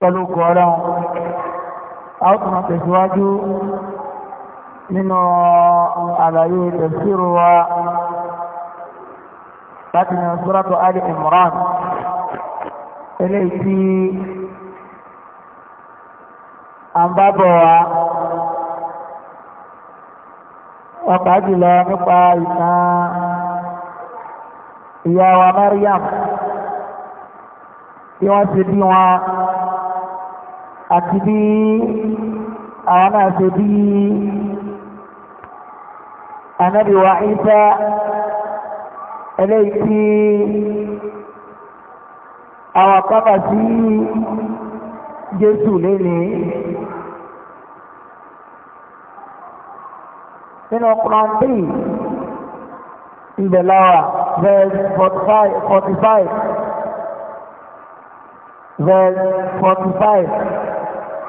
pẹ̀lú kọ̀ọ̀rán a ó tún tẹ̀síwájú nínú àlàyé tẹ̀síru wa láti ní ṣúrátù Ali Imran eléyìí tí a ń bá bọ̀ wá ọ̀pá jùlọ nípa ìtàn ìyá wa Maryam tí wọ́n ti bí wọn àti bí àwọn náà ṣe bí anábíwá ìsá eléyìí tí àwọn kábà sí jésù lélẹ̀ nínú Quran 3 ìbẹ̀láwà verse 45, 45 verse 45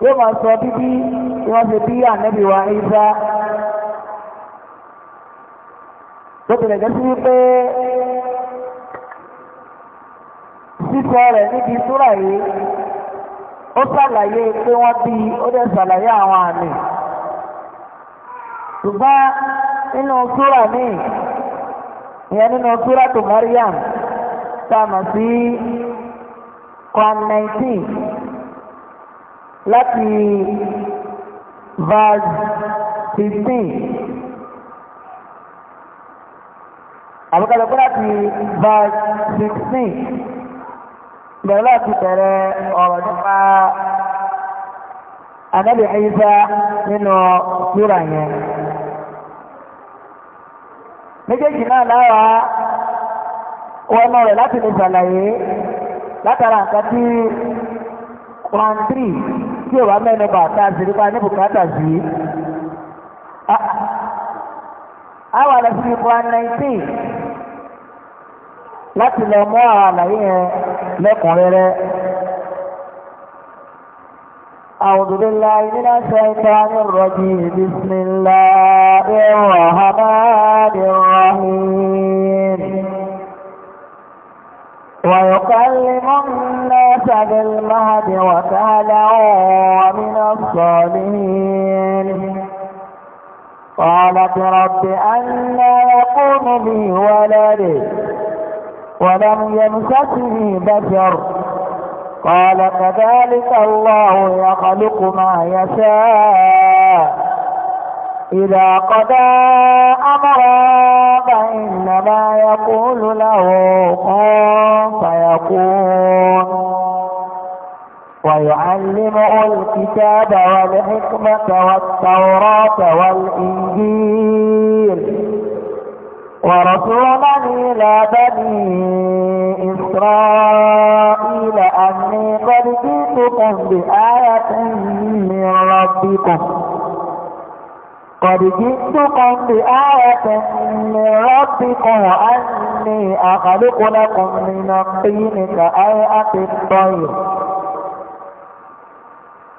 yóò máa sọ bíbí tí wọ́n ṣe bí wa Ìsá tó tilẹ̀ jẹ́ sí wípé sísọ rẹ̀ níbi súrà yìí ó ṣàlàyé pé wọ́n bí ó dẹ̀ ṣàlàyé àwọn àmì ṣùgbọ́n nínú súrà míì ìyẹn nínú súrà tó tá 19 láti verse fifteen àbúkálẹ̀ pé láti verse sixteen bẹ̀rẹ̀ láti bẹ̀rẹ̀ ọ̀rọ̀ nípa ànábì Ìsá nínú súra yẹn méjèèjì náà láwa wọnú rẹ̀ láti lè ṣàlàyé látara nǹkan tí one three. tí ò bá mẹ́nu bà ká sí nípa ní bùkátà sí. Àwọn àlọ́ sí ipò nineteen láti lọ mú àwọn àlàyé yẹn lẹ́kùnrẹ́rẹ́. أعوذ بالله من الشيطان الرجيم بسم الله الرحمن الرحيم ويكلم الناس بالمهد وكهلا ومن الصالحين قالت رب أنا يقوم لي ولد ولم يمسكني بشر قال كذلك الله يخلق ما يشاء إذا قضى أمرا فإنما يقول له كن فيكون ويعلمه الكتاب والحكمة والتوراة والإنجيل ورسولا إلى بني إسرائيل أني قد جئتكم بآية من ربكم قد جئتكم بآية من ربكم وأني أخلق لكم من الطين كأيئة الطير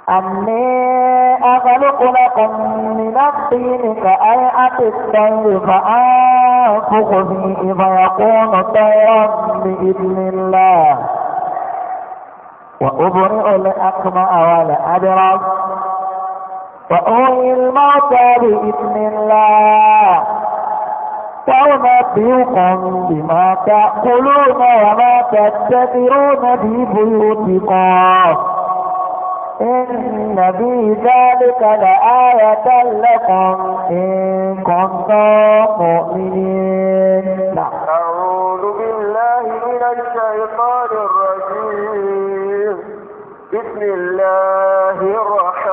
أني أخلق لكم من الطين كأيئة الطير فأنفخ فيه فيكون طيرا بإذن الله وأبرئ الأكمأ والأبرص فأولي الموتى بإذن الله فأنبئكم بما تأكلون وما تتبرون في بيوتكم إن في ذلك لآية لكم إن كنتم مؤمنين أعوذ بالله من الشيطان الرجيم بسم الله الرحمن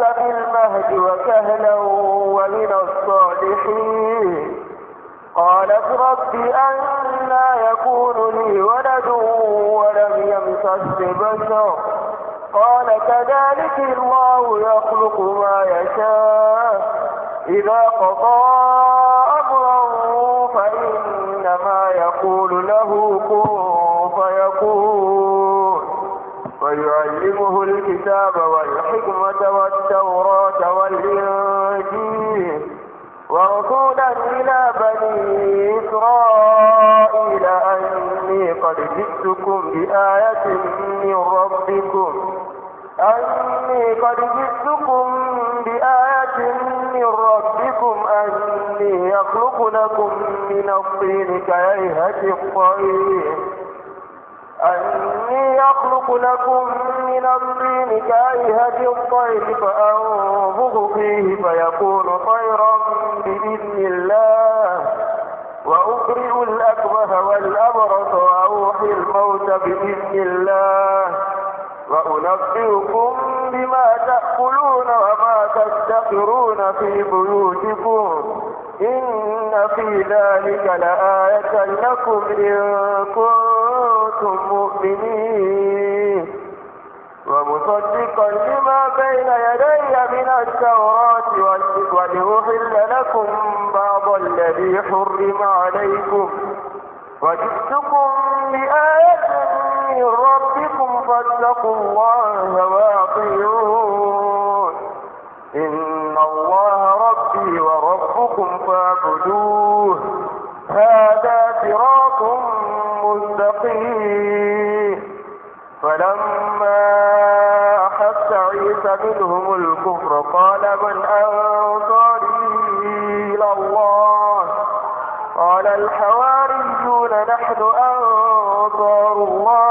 معك في المهد وكهلا ومن الصالحين قالت رب أنا يكون لي ولد ولم يمسس بشر قال كذلك الله يخلق ما يشاء إذا قضى أمرا فإنما يقول له كن فيكون ويعلمه الكتاب والحكمة والتوراة والإنجيل ورسولا إلى بني إسرائيل أني قد جئتكم بآية من ربكم أني قد جئتكم بآية من ربكم أني يخلق لكم من الطين كيهة الطير أني أخلق لكم من الدين كأيهة الطير فأنفخ فيه فيكون طيرا بإذن الله وأبرئ الأكمه والأبرص وأوحي الموت بإذن الله وأنبئكم بما تأكلون وما تستقرون في بيوتكم إن في ذلك لآية لكم إن كنتم مؤمنين ومصدقا لما بين يدي من التوراة ولأحل لكم بعض الذي حرم عليكم وجئتكم بآية من ربكم فاتقوا الله وأطيعون إن الله رب الله وربكم فاعبدوه هذا صراط مستقيم فلما أحس عيسى منهم الكفر قال من أنصاري إلى الله قال الحواريون نحن أنصار الله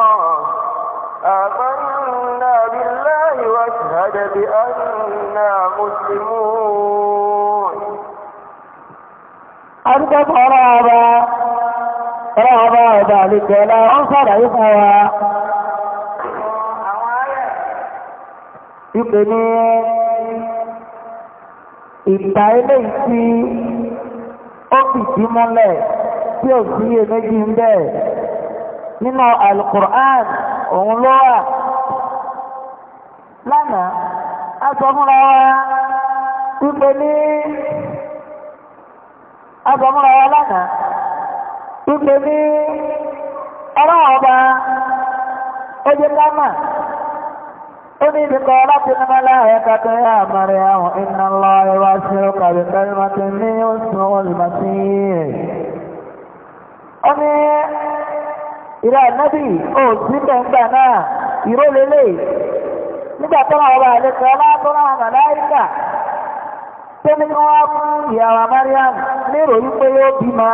àdúgbò ọ̀rọ̀ ọba ọ̀rọ̀ ọba ọba àlejò ọ̀la wọ́n sàlàyé fún wa. Ipò ní ìta eléyìí tí ó fìdí múlẹ̀ tí ò sí iyèméjì ń bẹ̀ nínú alukur'an òun ló wà lánàá a sọ fúnra wa wípé ní agbọmúra wa lánàá wípé ní ọlọ́run ọba ó jẹ́ ká mà ó ní ìdíkọ̀ láti nínú láàrin kàtó yá àmàrí àwọn iná lọ ẹwà sí ọkàrí kẹrìmọ́tì ní oṣù olùmọ̀sí ó ní ìrẹ́ ànábì ó sí bẹ̀ǹgbà náà ìró lélẹ̀ nígbà tó wà wà lẹ́kọ̀ọ́ látọ́ láwọn màláìkà tó ní kí wọ́n fún ìyàwó Mariam lérò wípé yóò bímọ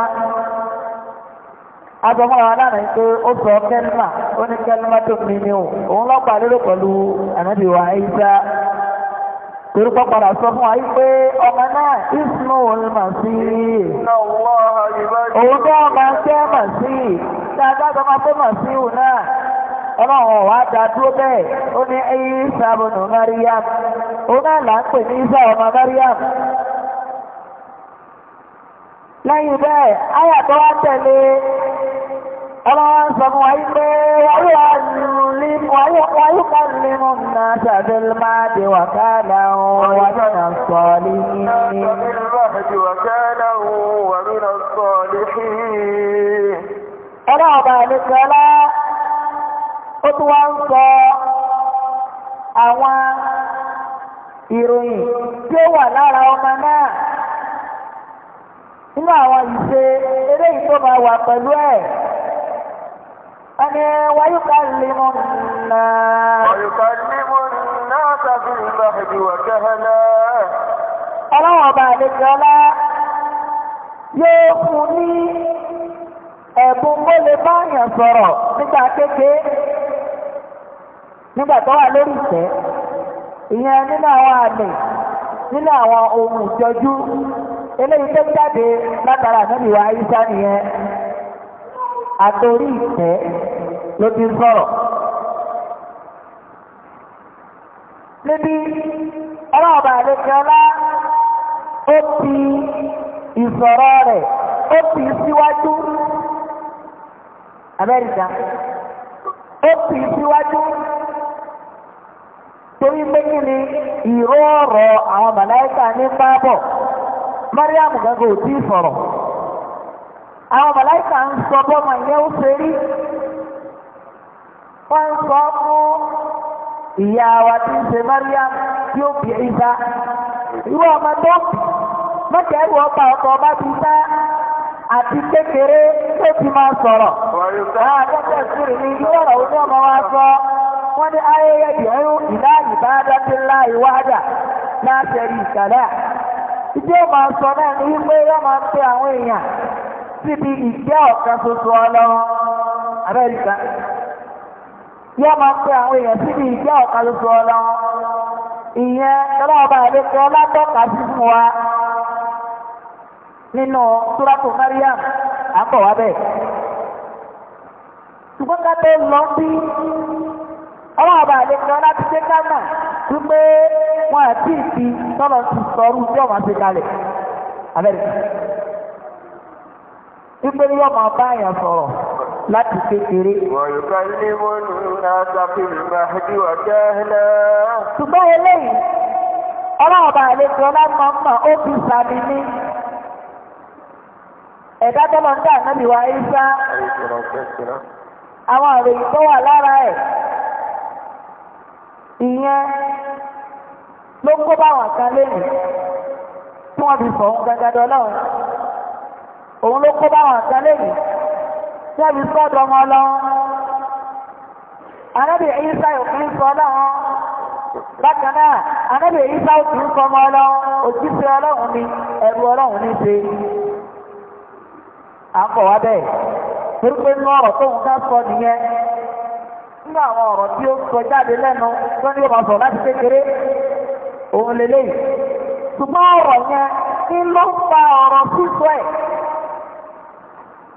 agbọmọ àwọn aláàrẹ pé ó sọ kẹlímà ó ní kẹlímà tó mi ni o òun lọ́pọ̀ àlérò pẹ̀lú ànábì wa Ìsá torí pọ́ padà sọ fún wa wípé ọmọ náà ìsúná òun mà sí òun tó ọmọ akẹ́ mà sí dáadáa tó máa tó mà sí òun náà ọlọ́run wa dá dúró bẹ́ẹ̀ ó ní Ìsá bùnú Mariam ó náà là ń pè ní Ìsá ọmọ Mariam lẹ́yìn bẹ́ẹ̀ áyà tó wá tẹ̀lé ọlọ́wọ́ ń sọ fún wa yìí pé wáyúkà nínú náà tàbí di wàkálà òun wà nínú sọ̀ọ́lì ọlọ́ọ̀bà nìkan láà ó tún wá ń sọ àwọn ìròyìn tí ó wà lára ọmọ náà nínú àwọn ìṣe eléyìí tó máa wà pẹ̀lú ẹ̀ ẹni wáyé ká lè mọ̀ náà. wáyé ká lè mọ̀ náà tàbí ìgbà ìdíwọ̀ kẹ́hẹ́lẹ́. ọlọ́wọ́n ọba àlejò yóò fún ní ẹ̀bùn kó lè sọ̀rọ̀ nígbà kékeré. nígbà tó wà lórí ìtẹ́ ìyẹn nínú àwọn àmì nínú àwọn ohun ìjọjú eléyìí tó jáde látara ànábì wa ayíṣá nìyẹn àtòrí ìtẹ́ ló ti sọ̀rọ̀. níbi ọlọ́ọ̀bà ó ti ìsọ̀rọ̀ rẹ̀ ó ti síwájú Amẹ́ríkà ó ti síwájú. torí ni ìró ọ̀rọ̀ àwọn màláìkà ní mariam gàgà ti sọ̀rọ̀ àwọn màláìkà ń sọ bọ́mọ ó ṣe mariam tí ó bí ìta irú ọmọ tó mọ́tẹ́ ẹ̀rù ọba ọkọ̀ ọba ti ta àti kékeré tó ti máa sọ̀rọ̀ àwọn akẹ́kọ̀ọ́ sí ni ọ̀rọ̀ wani aye ya biyu ina ibada ti lai wada na tari sala ije ma so na ni pe ya ma pe awon eyan si bi ije o kan so so ya ma pe awon eyan si bi ije o kan so so lo iye tara ba le ko la to ka si fun wa ninu suratu maryam a ko wa be ṣùgbọ́n ká tó lọ ọwọ́ ọba àlejò láti dé ghana wọn àti ìfi ti sọ̀rọ̀ tí ọmọ ti kalẹ̀ abẹ́rẹ́ wípé ní ọmọ ọba yẹn sọ̀rọ̀ láti kékeré. ilé wọn ní asàfihàn wà jẹ́hìnà. ṣùgbọ́n eléyìí ọwọ́ ọba àlejò láti mọ̀ ó sàmì ní ẹ̀dá ń dà àwọn tó wà lára ìyẹn ló kó báwọn kan lẹ́yìn tí wọ́n fi sọ ọ́n gẹ́gẹ́ dọ́lọ́run òun ló kó báwọn kan lẹ́yìn tí wọ́n ọmọ ọlọ́run anábì Ìsá òfin sọ ọlọ́run bákan náà anábì sọ ọmọ òjíṣẹ́ ọlọ́run ni ẹ̀rù ọlọ́run ní ṣe à ń wá bẹ́ẹ̀ nínú àwọn ọ̀rọ̀ tí ó sọ jáde lẹ́nu tó ní ọmọ sọ láti kékeré òun lélẹ́yìí ṣùgbọ́n ọ̀rọ̀ yẹn ní ló ń fa ọ̀rọ̀ sísọ ẹ̀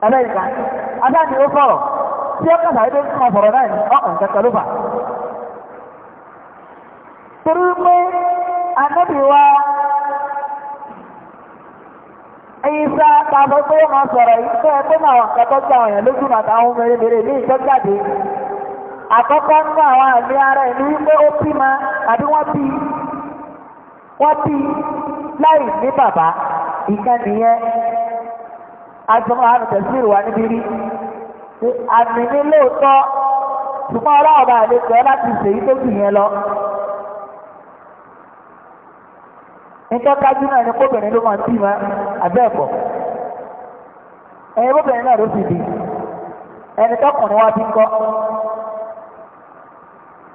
ẹ̀lẹ́ ìgbà adáni ó sọ̀rọ̀ tí ó kàtà ilé tí wọ́n sọ̀rọ̀ náà ní ọkàn kẹta ló fà torí pé anábì wa ìsá tàbí pé wọ́n sọ̀rọ̀ ìfẹ́ pé náà kẹtọ́ sí àwọn èèyàn lójú màtà àwọn ọmọ erébèrè àkọ́kọ́ ń fún àwọn àmì ara ẹ̀ ní ó bí ma àbí wọ́n bí wọ́n bí láì ní bàbá ìkan nìyẹn azọmọ àrùn lati wà níbí rí àmì ní lóòótọ́ ṣùgbọ́n yẹn lọ. kájú náà ni ma àbẹ́ẹ̀kọ́ ẹ̀yin kóbìnrin náà ló sì bí ẹni tọkùnrin wá bí kọ́.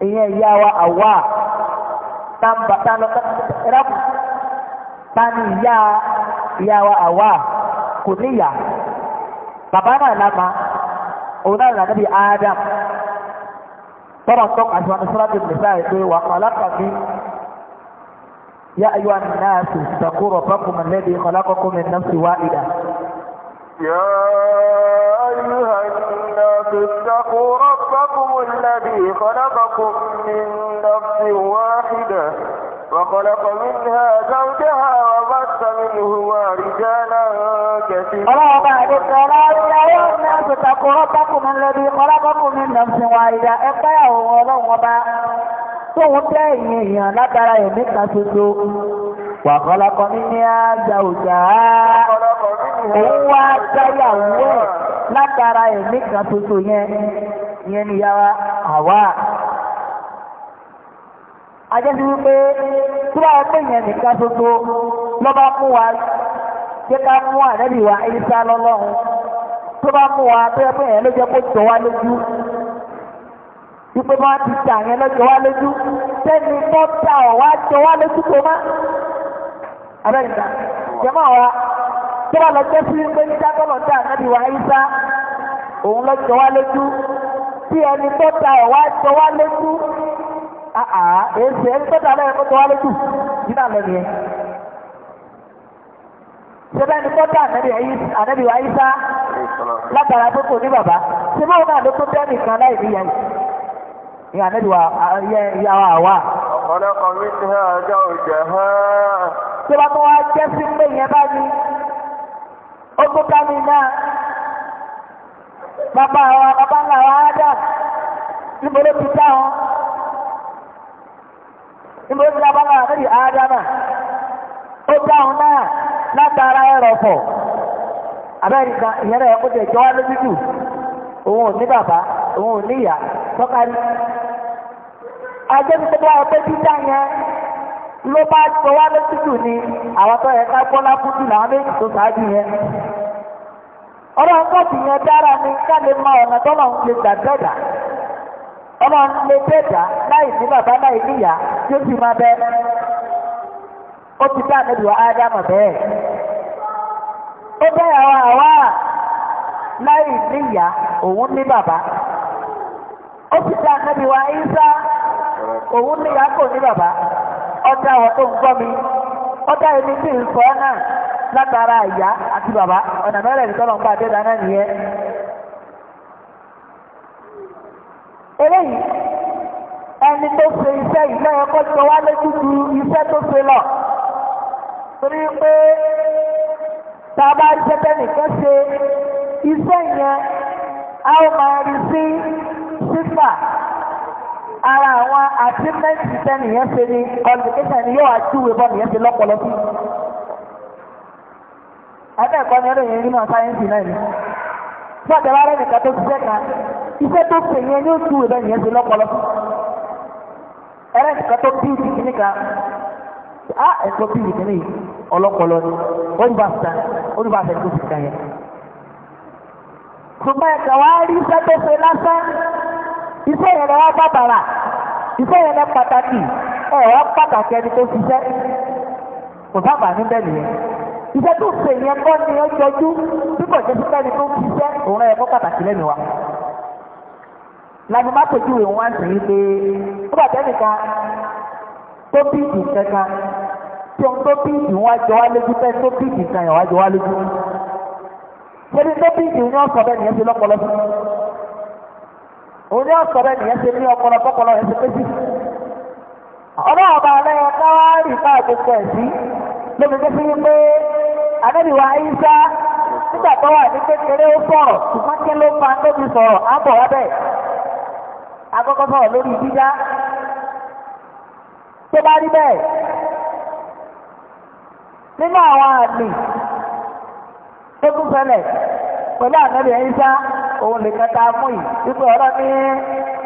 ìyẹn ìyá wa àwa tàǹbà tàǹbà ẹ̀rọ̀kù tani ìyá ìyá wa àwa kò níyà bàbá náà lámà òun náà là níbi Adam tọ́lọ̀ tó àti wọn sọ́lá tó lè sáà pé wà kọ́lákọ̀ mi yá ayé wa nínú náà sì sàkúrọ̀ bákùnmọ̀ lẹ́bi kọ́lákọ̀kọ́ mi náà sì wá ìdá. اتقوا ربكم الذي خلقكم من نفس واحدة وخلق منها زوجها وبث منهما رجالا كثيرا اتقوا ربكم الذي خلقكم من نفس واحدة اقيا ولو وبا tóun tẹ́ èèyàn látara ẹ̀mí kan ṣoṣo wàkọ́lọ́kọ́ ní ní àjà òjà òun wá dáyàwó ẹ̀ látara ẹ̀mí kan tuntun yẹn yẹn ni yàrá àwa ajẹ́sí wípé tí wàá pè yẹn nìkan tuntun lọ́ba mú wa jẹ́ ká mú wa ẹ̀yíṣà lọ́lọ́run tó bá mú wa tó yẹ pé yẹn ló jẹ́ kó jọ lójú wípé bá ti tà tí wọ́n sí pé ní tí ànábì wa lọ wá lójú tí ẹni tó ẹ̀ wá jọ wá lójú èsì ẹni tó ta lẹ́yìn jọ wá lójú nígbà lẹ́nu yẹn. Ṣébẹ́ ni tó ànábì wa Ìsá látara tó kò ní bàbá báwo náà ló tó tẹ́ nìkan láì ní yẹn ànábì wa ìyá wa wà. ọ̀pọ̀lọpọ̀ mi ti hàn ọjọ́ òjò hàn. ogun kami náà bàbá àwọn bàbá ńlá wa ádà níbo ló ti dá wọn níbo ló ti dá bàbá ńlá lórí ádámà ó dá wọn náà látara ẹrọ̀fọ̀ abẹ́rẹ́ kan ìyẹn rẹ̀ kó òun ò ní bàbá òun ò ní ìyá tọ́ka ní. àjẹsí tó bá wọn pé yẹn. ló bá sọ wá létí jù àwọn tó yẹ gbọ́ lápútù làwọn méjì tó ṣáájú yẹn ọlọ́run yẹn dára ní ká lè ọ̀nà tọ́lọ̀ ń lè gbàdẹ́dà ọlọ́run lè dẹ́dà láì ní bàbá láì níyà tí ó sì máa bẹ́ ó ti dá àmì ìwà bẹ́ẹ̀ ó bẹ́ẹ̀ àwa láì òun ní bàbá ó ti ọdá àwọn tó ń gbọ́ mi ọdá èmi tí ń sọ náà látara ìyá àti bàbá ọ̀nà mẹ́rẹ̀ ní tọ́lọ̀ ń bá dé dáná nìyẹn. eléyìí ẹni tó ṣe iṣẹ́ wá ju iṣẹ́ tó ṣe lọ torí pé tá a bá iṣẹ́ tẹ́nìkan ṣe iṣẹ́ ara àwọn àtìmẹ́ǹtì sẹ́ni ṣe ni qualification ni yóò wá bọ́ nìyẹn ṣe lọ́pọ̀lọ́ sí. abẹ́ ẹ̀kọ́ ni ẹlòyìn nínú sáyẹ́ǹsì náà ni. bí ọ̀dẹ̀ wàá rẹ́nìkan tó ṣiṣẹ́ kan iṣẹ́ tó ṣe yẹn yóò júwe bọ́ nìyẹn ṣe lọ́pọ̀lọ́ sí. ẹlẹ́nìkan tó bí ìdí kìíní kan á ẹ̀kọ́ bí ìdí kìíní ọlọ́pọ̀lọ́ ni ó ní bá ṣe tán ó ní bá ṣe tó ṣe kàn yẹn. ṣùgbọ́n ẹ̀kọ́ wá rí iṣẹ́ tó ṣe iṣẹ́ yẹn lọ wá bàbàrà iṣẹ́ yẹn lọ pàtàkì ọ̀rọ̀ pàtàkì ẹni tó ṣiṣẹ́ kò sábà níbẹ̀ nìyẹn iṣẹ́ tó ṣe yẹn kọ́ ni ó jọjú bí kò jẹ́ sípẹ́ni tó ṣiṣẹ́ òun rẹ̀ kọ́ pàtàkì lẹ́nu wa lànà má pèjú ìwọ̀n wá sí pé ó bàtẹ́ nìkan tó bí ìkẹ́kan tí ohun tó bí ìwọ̀n wá jọ wá lójú fẹ́ tó bí ìkẹ́kan yẹn wá jọ wá lójú ṣé ní tó bí ìwọ̀n wá sọ bẹ́ẹ̀ òun ní ọ̀sọ̀ rẹ̀ nìyẹn ṣe ní ọpọlọ tọpọlọ rẹ̀ ṣe méjì ọlọ́run ọba alẹ́ káwárì ká gbogbo ẹ̀ sí lóbi tó fi pé anábìwá ayíṣá nígbà tó wà ní kékeré ó sọ̀rọ̀ ṣùgbọ́n kí ló máa lóbi sọ̀rọ̀ á bọ̀ lórí jíjá tó bá nínú àwọn àmì tó tún ṣẹlẹ̀ pẹ̀lú ànábì ẹ̀yíṣá òun lè kẹta mú yìí wípé ọ̀rọ̀ ní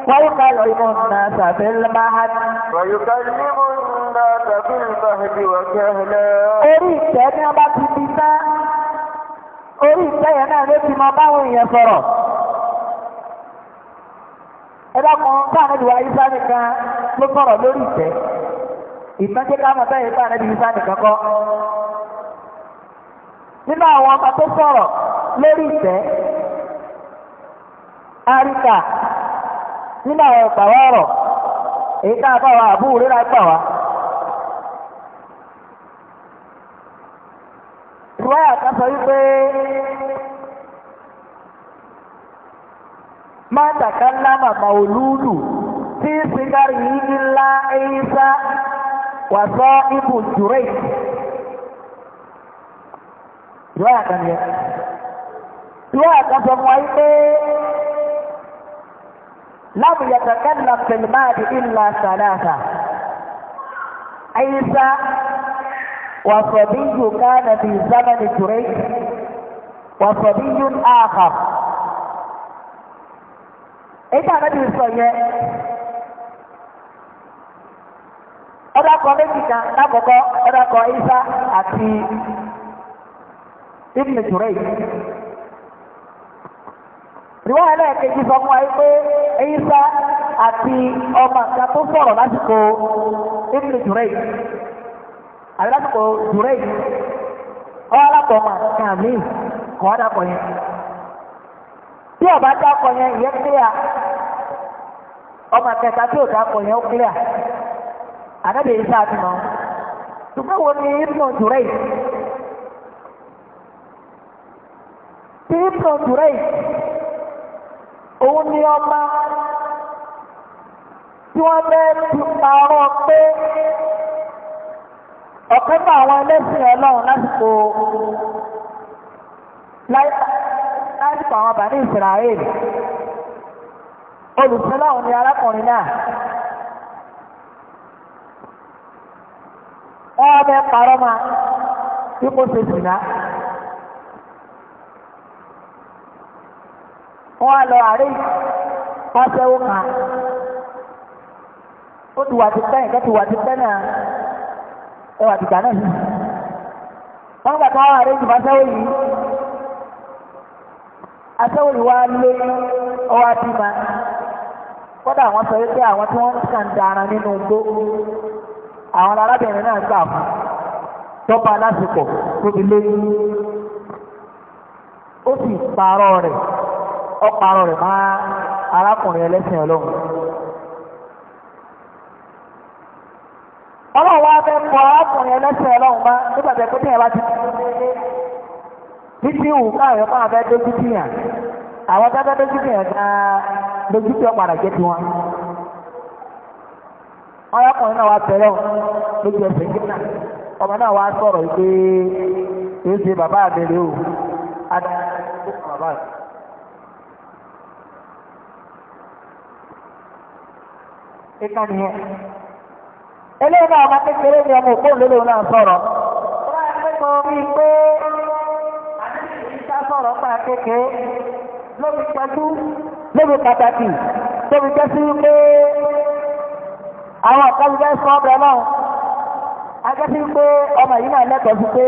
wáyúkà lọ ìmọ̀ nà tàbí lọ́máhàd. wáyúkà ìmọ̀ nà tàbí lọ́máhàd wà kẹ́hìnlẹ́. orí ìtẹ́ ní ọba ti di ná orí ìtẹ́ yẹn náà ló ti mọ báwọn èèyàn sọ̀rọ̀. ẹ dákun bá ànábì wa ìṣá nìkan ló sọ̀rọ̀ lórí ìtẹ́ ìtàn jẹ́ ká mọ̀ bẹ́ẹ̀ nínú àwọn ọba tó sọ̀rọ̀ lórí ìtẹ́ áríkà nínú àwọn ìpàwọ́ ọ̀rọ̀ èyí tá a bá wa àbúrò rírà gbà wá. ìwáyà kan wípé máa tàkà ńlá màmá olúùlù tí sìgárì yìí ńlá ẹ̀yìn sá wàsó ibùdó rẹ̀. Dùwáyà kan yẹ. Dùwáyà kan sọ fún wa yìí pé láàmù yàtọ̀ kẹ́lá pẹ̀lúmáàdì ìlà sàdáàtà. Ayísá وصبي كان في زمن جريج وصبي آخر èyí ànábì sọ yẹ ọdọ akọ méjì kan lákòókò ọdọ akọ isa àti ibn jurayj ìwọ́n ẹlẹ́ẹ̀kejì sọ fún wa yìí pé Isa àti ọmọ àgbà tó sọ̀rọ̀ lásìkò ibn jurayj àti lásìkò jurayj ọlọ́pọ̀ ọmọ àti àmì ndị tí ọba dàpọ̀ yẹn ọma clear ọmọ àkẹta tí ya dàpọ̀ yẹn ó clear ànábìyí sáà ti mọ̀ ṣùgbọ́n wo ni tí ibùdó dùrẹ́ òun ni ọba tí wọ́n fẹ́ ti parọ́ pé ọ̀kan náà àwọn ẹlẹ́sìn ọlọ́run lásìkò lásìkò àwọn bàní Israel olùsọ́láhùn ni arákùnrin náà wọ́n fẹ́ parọ́ ma bí kò ṣe jìnnà. wọ́n á lọ àárẹ̀ pàṣẹwó kan ó ti wà ti pẹ́ nǹkan ti wà ti pẹ́ ẹ wà ti gbà náà yìí wọ́n gbà yìí lé ọwọ́ àti ma kódà àwọn sọ wípé àwọn tí wọ́n kàn dára nínú igbó àwọn arábìnrin náà gbà fún lásìkò ọparọ rẹ̀ máa arákùnrin ẹlẹ́sìn ọlọ́run ọlọ́run wá fẹ́ kọ arákùnrin ẹlẹ́sìn ọlọ́run máa nígbà tẹ pé bá ti títí wù káàrin fún fẹ́ dójú àwọn tẹ́tẹ́ dójú gan-an lójú jẹ́ náà wá tẹ̀lé lójú ẹsẹ̀ ọmọ náà wá sọ̀rọ̀ bàbá àbẹ̀rẹ̀ o adá bàbá kíkan nìyẹn eléyìí náà ọmọ kékeré ni ọmọ òkú òlélò náà sọ̀rọ̀ wọ́n á pé kọ́ bí pé àdéhùn sọ̀rọ̀ pa kékeré lóbi pẹ̀lú lóbi pàtàkì tóbi jẹ́ sí pé àwọn àkọ́lùbẹ́ sọ ọ́bẹ̀ náà ajẹ́ sí pé ọmọ yìí náà lẹ́tọ̀ọ́ sí pé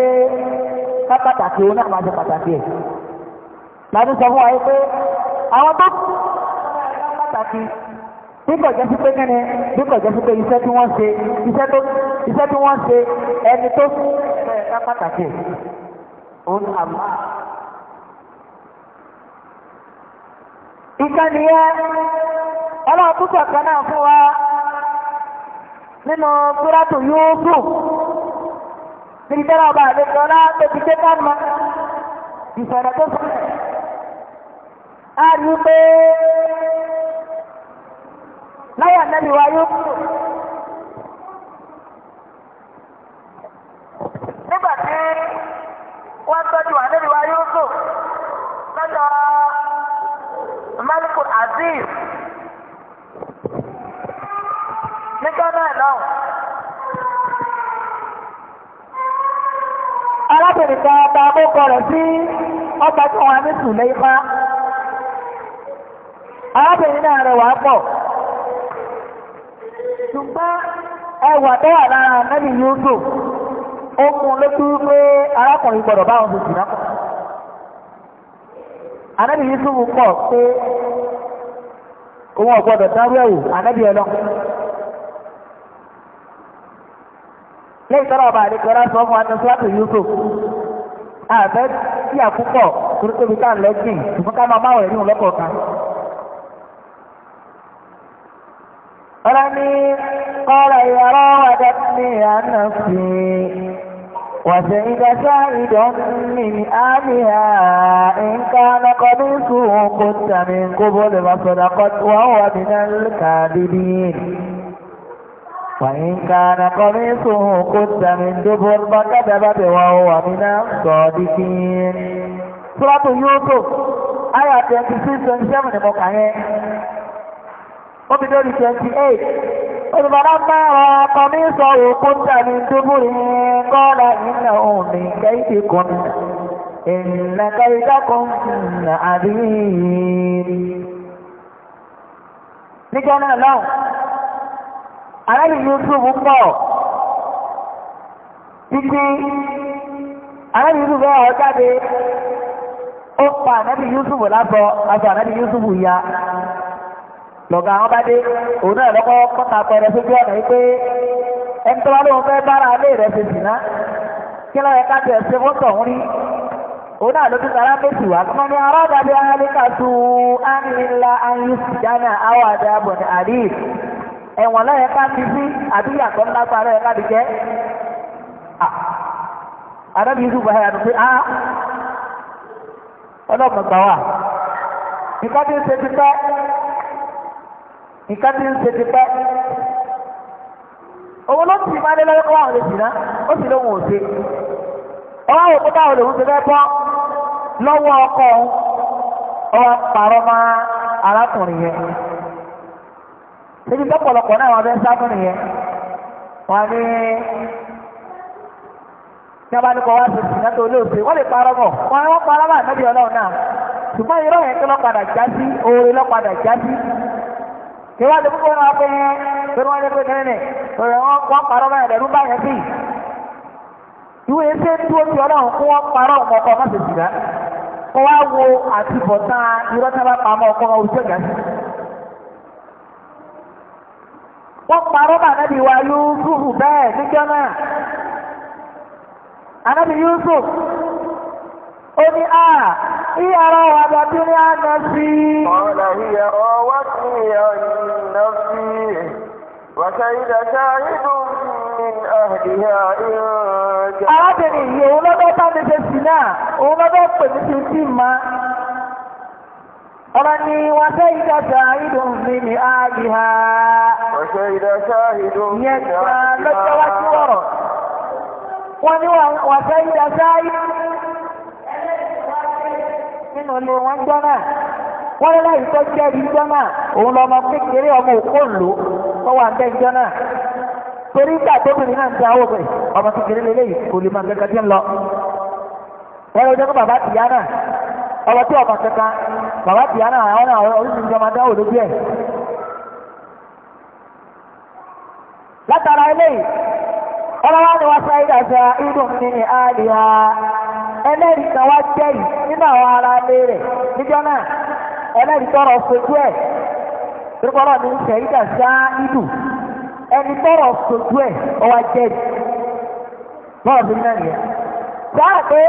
ká pàtàkì òun náà máa jẹ pàtàkì ẹ̀ láti sọ fún wa bí kò jẹ́ pípé kíni bí kò jẹ́ pípé iṣẹ́ tí wọ́n ṣe iṣẹ́ tó iṣẹ́ tí wọ́n ṣe ẹni tó ṣe pàtàkì òun àmà. ìkànnì yẹn ọlọ́run púpọ̀ kan náà fún wa nínú kúrátù yóòfù níbi tẹ́lá ọba àlejò ọlá tó ti dé ká mọ ìṣẹ̀lẹ̀ tó sọ̀rọ̀ á rí i pé. láyà nẹ́bí wa yóò nígbà tí wọ́n tọ́jú wa nẹ́bí lọ́dọ̀ malik aziz nígbà náà arábìnrin kan ọba akókò rẹ̀ sí ọgbà tí wọ́n á ní sùn lẹ́yìn ṣùgbọ́n ẹwà tó wà lára nẹ́bí Yusuf ó kún lójú pé arákùnrin gbọ́dọ̀ bá òun ṣùgbọ́n kọ́ anẹ́bí Yusuf kọ̀ pé òun ọ̀gbọ́dọ̀ dárú ẹ̀wò anẹ́bí ẹ̀ lọ. lẹ́yìn tọ́lá ọba àdékọ́lá sọ fún tí àkúkọ̀ ká lẹ́gbìn رمي قال هي راودتني عن نفسي وشهد شاهد من أهلها إن كان قميصه قد من قبل فصدقت وهو من الكاذبين وإن كان قميصه قد من دبر فكذبت وهو من الصادقين سورة يوسف آية 26 27 ni mo kà yẹn ó fi lórí twenty eight olùbọ̀dá máa rọ ọkọ̀ mi sọ òkú tàbí dúbúrú kọ́lá ìlà òmìn kẹ́hìndé kan ìnà kẹ́hìndé kan nà àbí. níjọ́ náà lọ́hùn arábìnrin Yusuf pọ̀ títí arábìnrin Yusuf ọ̀ jáde ó pa ànábì Yusuf lábọ̀ àbọ̀ ànábì Yusuf ya lọ́gà àwọn bá dé òun náà lọ́kọ́ kọ́ta pẹ̀rẹ̀ sójú ọ̀nà yìí pé ẹni tó bá lóun fẹ́ bára alé rẹ̀ ṣe sì ná kí lọ́yẹ ká tẹ̀ ṣe fọ́tò ọ̀hún rí òun náà ló sara méjì wá kí wọ́n ní arábàbí alíkà tu ánìlá ayé sìgánà àwọn àdàbọ̀ ní àdìyí ẹ̀wọ̀n lọ́yẹ ká ti sí àbí yàtọ̀ ńlá pa lọ́yẹ ká ti jẹ́ àdàbí yusuf bá yàtọ̀ pé ah ọlọ́mọ̀gbà wà nǹkan tí ń ṣe ti tọ́ nǹkan tí ń ṣe ti pẹ́ òun ló sì máa lé lọ́wọ́ àwọn olùsìn náà ó sì ọwọ́ àwọn òkúta ti fẹ́ bọ́ lọ́wọ́ ọkọ òun ọwọ́ pààrọ̀ máa arákùnrin yẹn níbi tọ́pọ̀lọpọ̀ náà wọn fẹ́ wọn ní a bá ní kọ́ wá sí ìsìn náà tó wọ́n lè parọ́ bọ̀ kí wọ́n ti púpọ̀ wọn pé torí wọ́n ti pé kẹ́lẹ́ ọ̀rọ̀ wọn wọ́n parọ́ báyìí ẹ̀rú báyìí sí ìwé ṣe ń dúró ti ọlọ́run kó wọ́n parọ́ ọ̀kọ̀ọ̀kọ̀ má ṣe jìnnà kó wá wo àtibọ̀tán irọ́ tí wọ́n bá pamọ́ ọkọ̀ wọn òṣìṣẹ́ gà sí. wọ́n parọ́ bá anábì wa Yusuf bẹ́ẹ̀ ah, níjọ́ ó ní à ìyá ara wà dàbí ní àná sí. ọ̀nà ìyá ọwọ́ sí ọ̀nà sí wàṣẹ́yìn dàṣà nínú arábìnrin yìí òun lọ́dọ́ bá mi ṣe sí náà òun lọ́dọ́ pè mí sí sí ma ọba ni wọ́n fẹ́ ìdájọ́ ìdùn mi ní ààyè ha yẹn lọ́jọ́ wájú ọ̀rọ̀ wọ́n ní wọ́n fẹ́ ìdájọ́ ìdùn nínú ilé wọn jọ náà wọ́n lé láyìí tó jẹ́ ibi jọ náà òun lọ́mọ kékeré ọmọ òkú lò tó wà bẹ́ẹ̀ jọ náà torí ìgbà tóbìnrin náà ń ti àwọn obìnrin ọmọ kékeré lélẹ́yìí kò lè máa gẹ́gẹ́ bí ń lọ wọ́n lé ọjọ́ bàbá tìyá náà ọmọ tí ọmọ kankan bàbá tìyá náà àwọn àwọn oríṣiríṣi ọmọ adáwò lójú ẹ̀ látara eléyìí ọlọ́wọ́ ni wọ́n sáré dàgbà ìdùnnú ẹlẹ́rìí kan wá jẹ́rìí nínú àwọn ará ilé rẹ̀ níjọ́ náà tọrọ sojú ẹ̀ torípọ́lọ́ ní sẹ̀ríkà sáá ìdù ẹni tọrọ sojú ẹ̀ ọ wá jẹ́rìí bọ́ọ̀ bí náà nìyẹn. sáà pé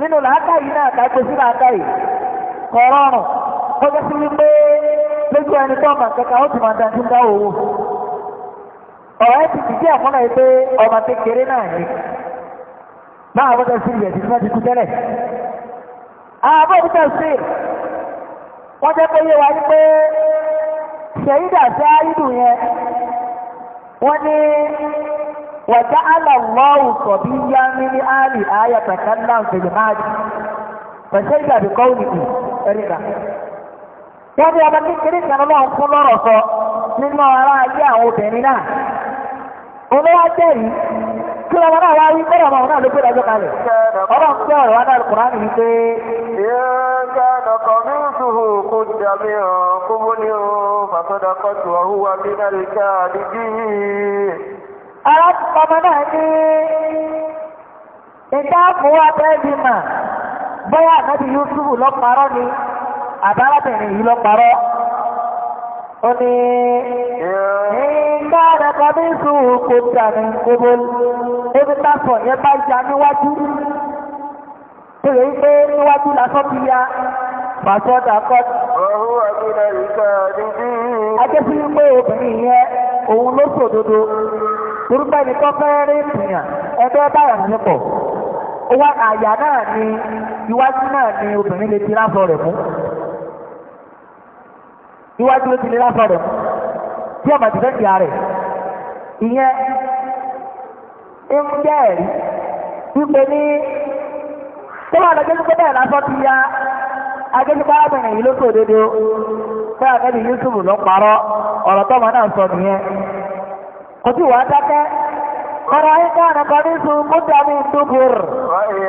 nínú làákàyè náà kàgbé sí sí wípé lójú ẹni tó ọmọ ó ti máa dá sí owó ọ̀rọ̀ ẹ̀ ti dìde pé ọmọ kékeré máa bọ́ tẹ̀síìrì yẹn ti tí wọ́n ti kú tẹ́lẹ̀. àbọ̀ bí tẹ̀síìrì wọ́n jẹ́ pé yé wa ní pé ṣèyídà sí áyídù yẹn wọ́n ní wàjá aláwọ̀ sọ̀bí yá ní ní àlì àyà tàkàlà òṣèlú máa jù pẹ̀sẹ̀ ìgbàdì kọ́ òyìnbó ẹ̀ríkà. wọ́n ní ọmọ kékeré kan náà fún lọ́rọ̀ sọ nínú ara ayé àwọn obìnrin náà. olówó jẹ́rìí kí wọn náà wá rí kí wọn náà lè gbé ìdájọ́ kalẹ̀ ọlọ́run tí ọ̀rọ̀ wa náà kùnà nìyí pé. ìyẹn dọ̀kọ̀ mi ń tuhù kó jà mí hàn kó mú ní o fàtọ́dà kọ́tù ọ̀hún wa bí náà lè ká àdìjí. arákùnrin náà ní ìjà fún wa bẹ́ẹ̀ bí mà Yusuf lọ́pàárọ̀ ni àbáràbìnrin yìí lọ́pàárọ̀. ó ní ìdára kàbí ìṣòwò kò dàní gbogbo ebi tásọ̀ yẹn bá ya níwájú tó yẹ níwájú lásán ti ya fàṣọdà kọ́. ọ̀hún àbúrò ìgbà nìyí. ajé sí pé ló sòdodo náà ni iwájú ti lè lásọ̀rọ̀ tí ọba ti fẹ́ ti ààrẹ ìyẹn ń jẹ́ ẹ̀rí wípé ní tó wà lọ́jọ́ pé bẹ́ẹ̀ lásán ti ya agẹ́sípá arábìnrin yìí ló sọ òdodo pé àgẹ́bí Yusuf ló parọ́ ọ̀rọ̀ tọ́mọ náà sọ nìyẹn kò tí wàá dákẹ́ فرأي كان قميصه قد من دبر وإن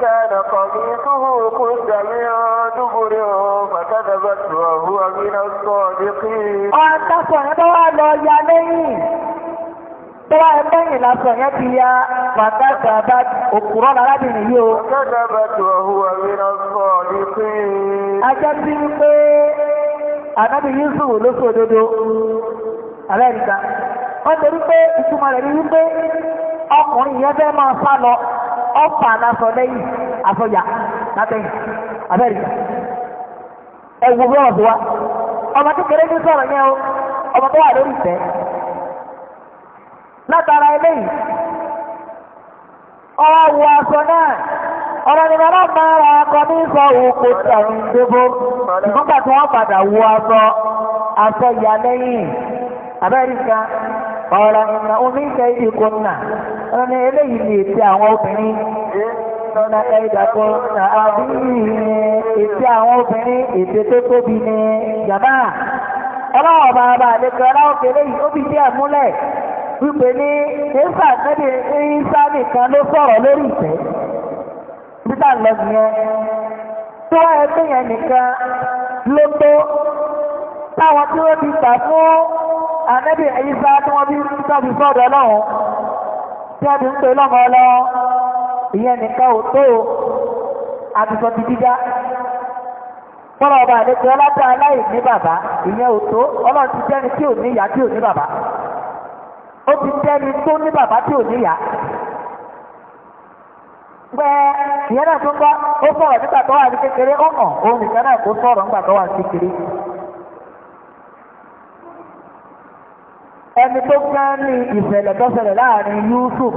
كان قميصه قد من دبر فكذبت وهو من الصادقين وأنت صحبه لو يليه tọ́wá ẹgbẹ́yìn lásán yẹn ti ya fàtàkàbà òkúrọ́ lárábìnrin yìí o. fàtàkàbà tó ọ̀húwà rírà sọ ní pé. ajá sí pé ànábì Yusuf ló sọ òdodo wọ́n torí pé ìtumọ̀ rẹ̀ ni wípé ọkùnrin yẹn fẹ́ máa sá lọ ọ̀pá aláṣọ lẹ́yìn na látẹ̀yìn abẹ́rẹ́ ẹ wo bí ọ̀dọ́ wa ọmọ kékeré ní sọ̀rọ̀ yẹn o ọmọ tó wà lórí ìtẹ́ látara eléyìí ọwọ́ aṣọ náà ọmọ máa ra akọ ní sọ òkò débó tí wọ́n ọ̀rọ̀ nà omi ṣe ikú nà ọ̀rọ̀ ni eléyìí ni ètí àwọn obìnrin nà ẹ̀dàkọ nà àbí ètí àwọn obìnrin ètè tó tóbi ni jàmbá ọlọ́wọ́ bàbá àdékọ́ ọlọ́wọ́ kéré yìí ó fi díẹ̀ múlẹ̀ wípé ní ẹ̀fà nẹ́bí ẹ̀yìnsá nìkan ló sọ̀rọ̀ lórí ìfẹ́ títà lọ́sùn yẹn tí wọ́n ẹgbẹ́ yẹn nìkan ló tó táwọn tí wọ́n ti gbà fún ànẹ́bì ìsá tí wọ́n bí tọ́bí sọ́dọ̀ lọ́hùn tí wọ́n bí ń pè lọ́mọ lọ ìyẹn nìkan ò tó àtìsọ ti dídá tọ́lọ̀ ọba àlejò ọlọ́dà aláìní bàbá ìyẹn ò tó ọlọ́run ti jẹ́ni tí ò tí ò ní bàbá ó ti jẹ́ni tó ní bàbá tí ò ìyẹn náà tó ń bá ó sọ̀rọ̀ nígbà tó ẹni tó gán ní ìṣẹ̀lẹ̀ tó láàrin Yusuf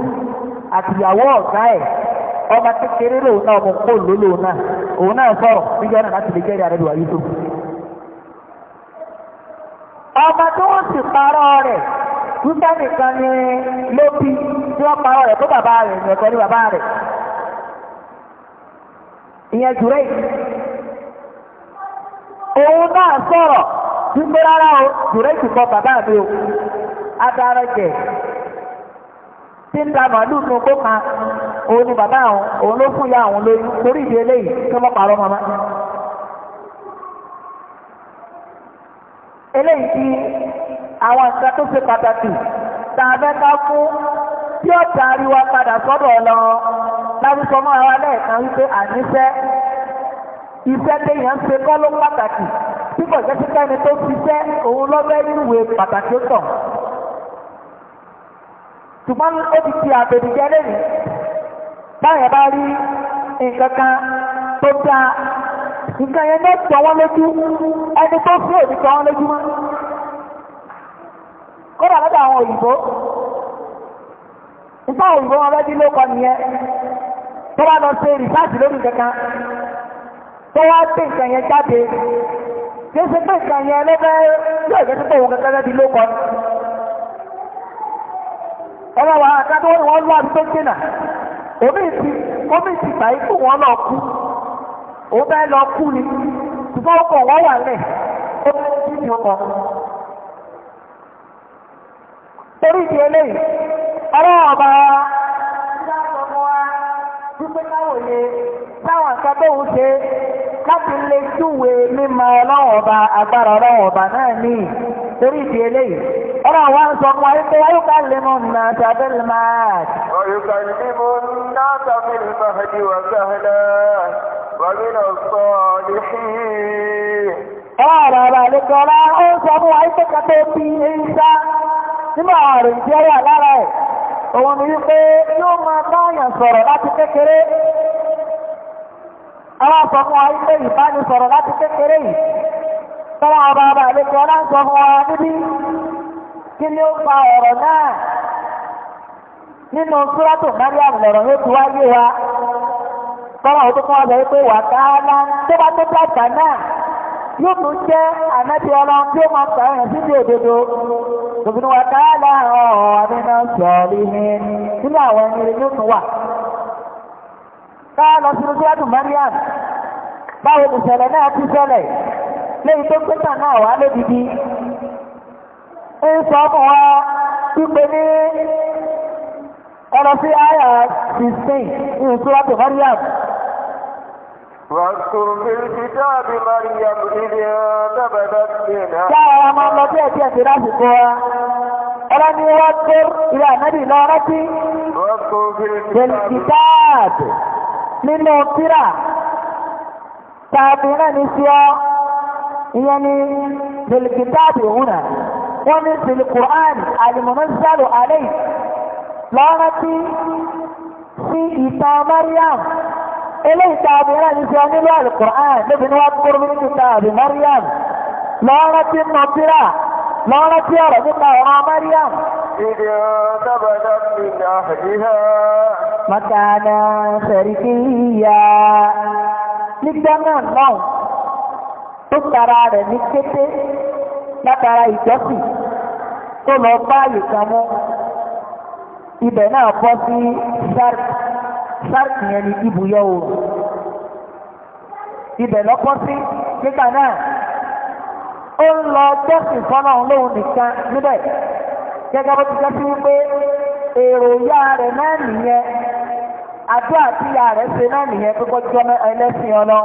àtìyàwó ọ̀gá ẹ̀ ọba kékeré lòun náà ọmọ kó ló lòun náà òun náà sọ̀rọ̀ níjọ́ náà láti Yusuf. ọmọ tó ń sì parọ́ rẹ̀ nìkan tí wọ́n parọ́ rẹ̀ tó bàbá rẹ̀ ní bàbá rẹ̀ ìyẹn òun náà jẹ tí ń da màálù nù kó kan òun ni bàbá àwọn òun ló fún ya àwọn lóyún torí ìdí eléyìí tó rọ pàrọ̀ màmá. eléyìí ti àwọn nǹkan tó ṣe pàtàkì tá a fẹ́ ká fún tí padà sọ́dọ̀ lọ lábísọ mọ́ ara lẹ́ẹ̀kan wípé iṣẹ́ téèyàn ń ṣe kọ́ ló pàtàkì tí kò jẹ́ tó ṣiṣẹ́ ṣùgbọ́n ó ti ti àbẹ̀dìjẹ́ lẹ́yìn báyẹ̀ bá rí nǹkan kan tó dáa nǹkan yẹn náà tọ́ wọ́n lójú ẹni tó fún òní tọ́ wọ́n lójú mọ́ kódà lọ́dọ̀ àwọn òyìnbó nípa òyìnbó wọn bẹ́ẹ̀ dín lóko nìyẹn tó bá lọ ṣe rìsáàtì lórí nǹkan kan tó wá gbé nǹkan yẹn jáde kí ó ṣe pé nǹkan yẹn lọ́bẹ̀ẹ́ yóò jẹ́ tó tó wọn kankan lẹ́bi lóko ni. ọwọ́ wa wọn lọ àdúgbò jìnnà omi ti omi ti gbà fún wọn lọ kú òun lọ kú ni ṣùgbọ́n ọkọ̀ wọn wà lẹ̀ ti di ọkọ̀. torí ọba wípé ọba agbára ọlọ́wọ́ ọba náà ọ̀rọ̀ wa ń sọ fún wa wípé wáyé ká lè mú nà tàbí lè máa. wáyé ká lè mú nà tàbí lè máa di wà sáhẹ́lá wáyé lọ sọ ní sí. ọ̀rọ̀ rẹ̀ lè kọ́ra ó sọ fún wa wípé kẹtẹ́ bí ẹ̀yíṣá nínú àrùn ìjẹ́ wà lára ẹ̀ òun ni wípé yóò máa báyàn sọ̀rọ̀ láti kékeré. àwọn sọ fún wa wípé ìbánisọ̀rọ̀ láti kékeré yìí. tọ́wọ́ ọba ọba àlejò ọlá ń sọ fún wa níbí. kí ni ó fa ọ̀rọ̀ náà nínú súrátù mariam lọ̀rọ̀ ló ti wáyé wa tọ́lá òtún kan ọ̀sẹ̀ wípé wà káàlá tó bá tó dàgbà náà yóò tún jẹ́ ànábì ọlọ́run tí ó máa sọ̀rọ̀ síbi òdodo wà ni nínú àwọn ẹni yóò tún wà. lọ mariam báwo ìṣẹ̀lẹ̀ náà tó gbé tàn náà ń sọ fún wa pípe ní ọ̀rọ̀ sí àyà 16 ní ìsúrọ́tò Maryam. واذكر في الكتاب مريم إذ انتبذت منها. يا رب ما بيت يا تراثكوا. ألا نوكر إلى نبي لارتي. واذكر nínú tíra tàbí náà ní sí ọ ìyẹn ni bèlìkìtàbì òun náà يقتن بالقران المنزل عليه لعنتي في عيسى مريم إليه تعبير عن إسلام القرآن لابن وأكبر من كتاب مريم لعنة النصرة لعنة يا رجل الله مريم إذا تبدت من أهلها مكانا شركيا نكتمنا النوم تترى لنكتب látara ìjọsìn tó lọ bá àyíká ibẹ̀ náà bọ́ sí sárkì yẹn ibùyọ oòrùn ibẹ̀ lọ́pọ́ sí nígbà náà ó ń lọ gbọ́sìn fọ́nà lóhun nìkan níbẹ̀ gẹ́gẹ́ bó ti jẹ́ sí wípé rẹ̀ náà nìyẹn àdúrà tí ìyá rẹ̀ ṣe náà nìyẹn pé kó jọ́ ẹlẹ́sìn náà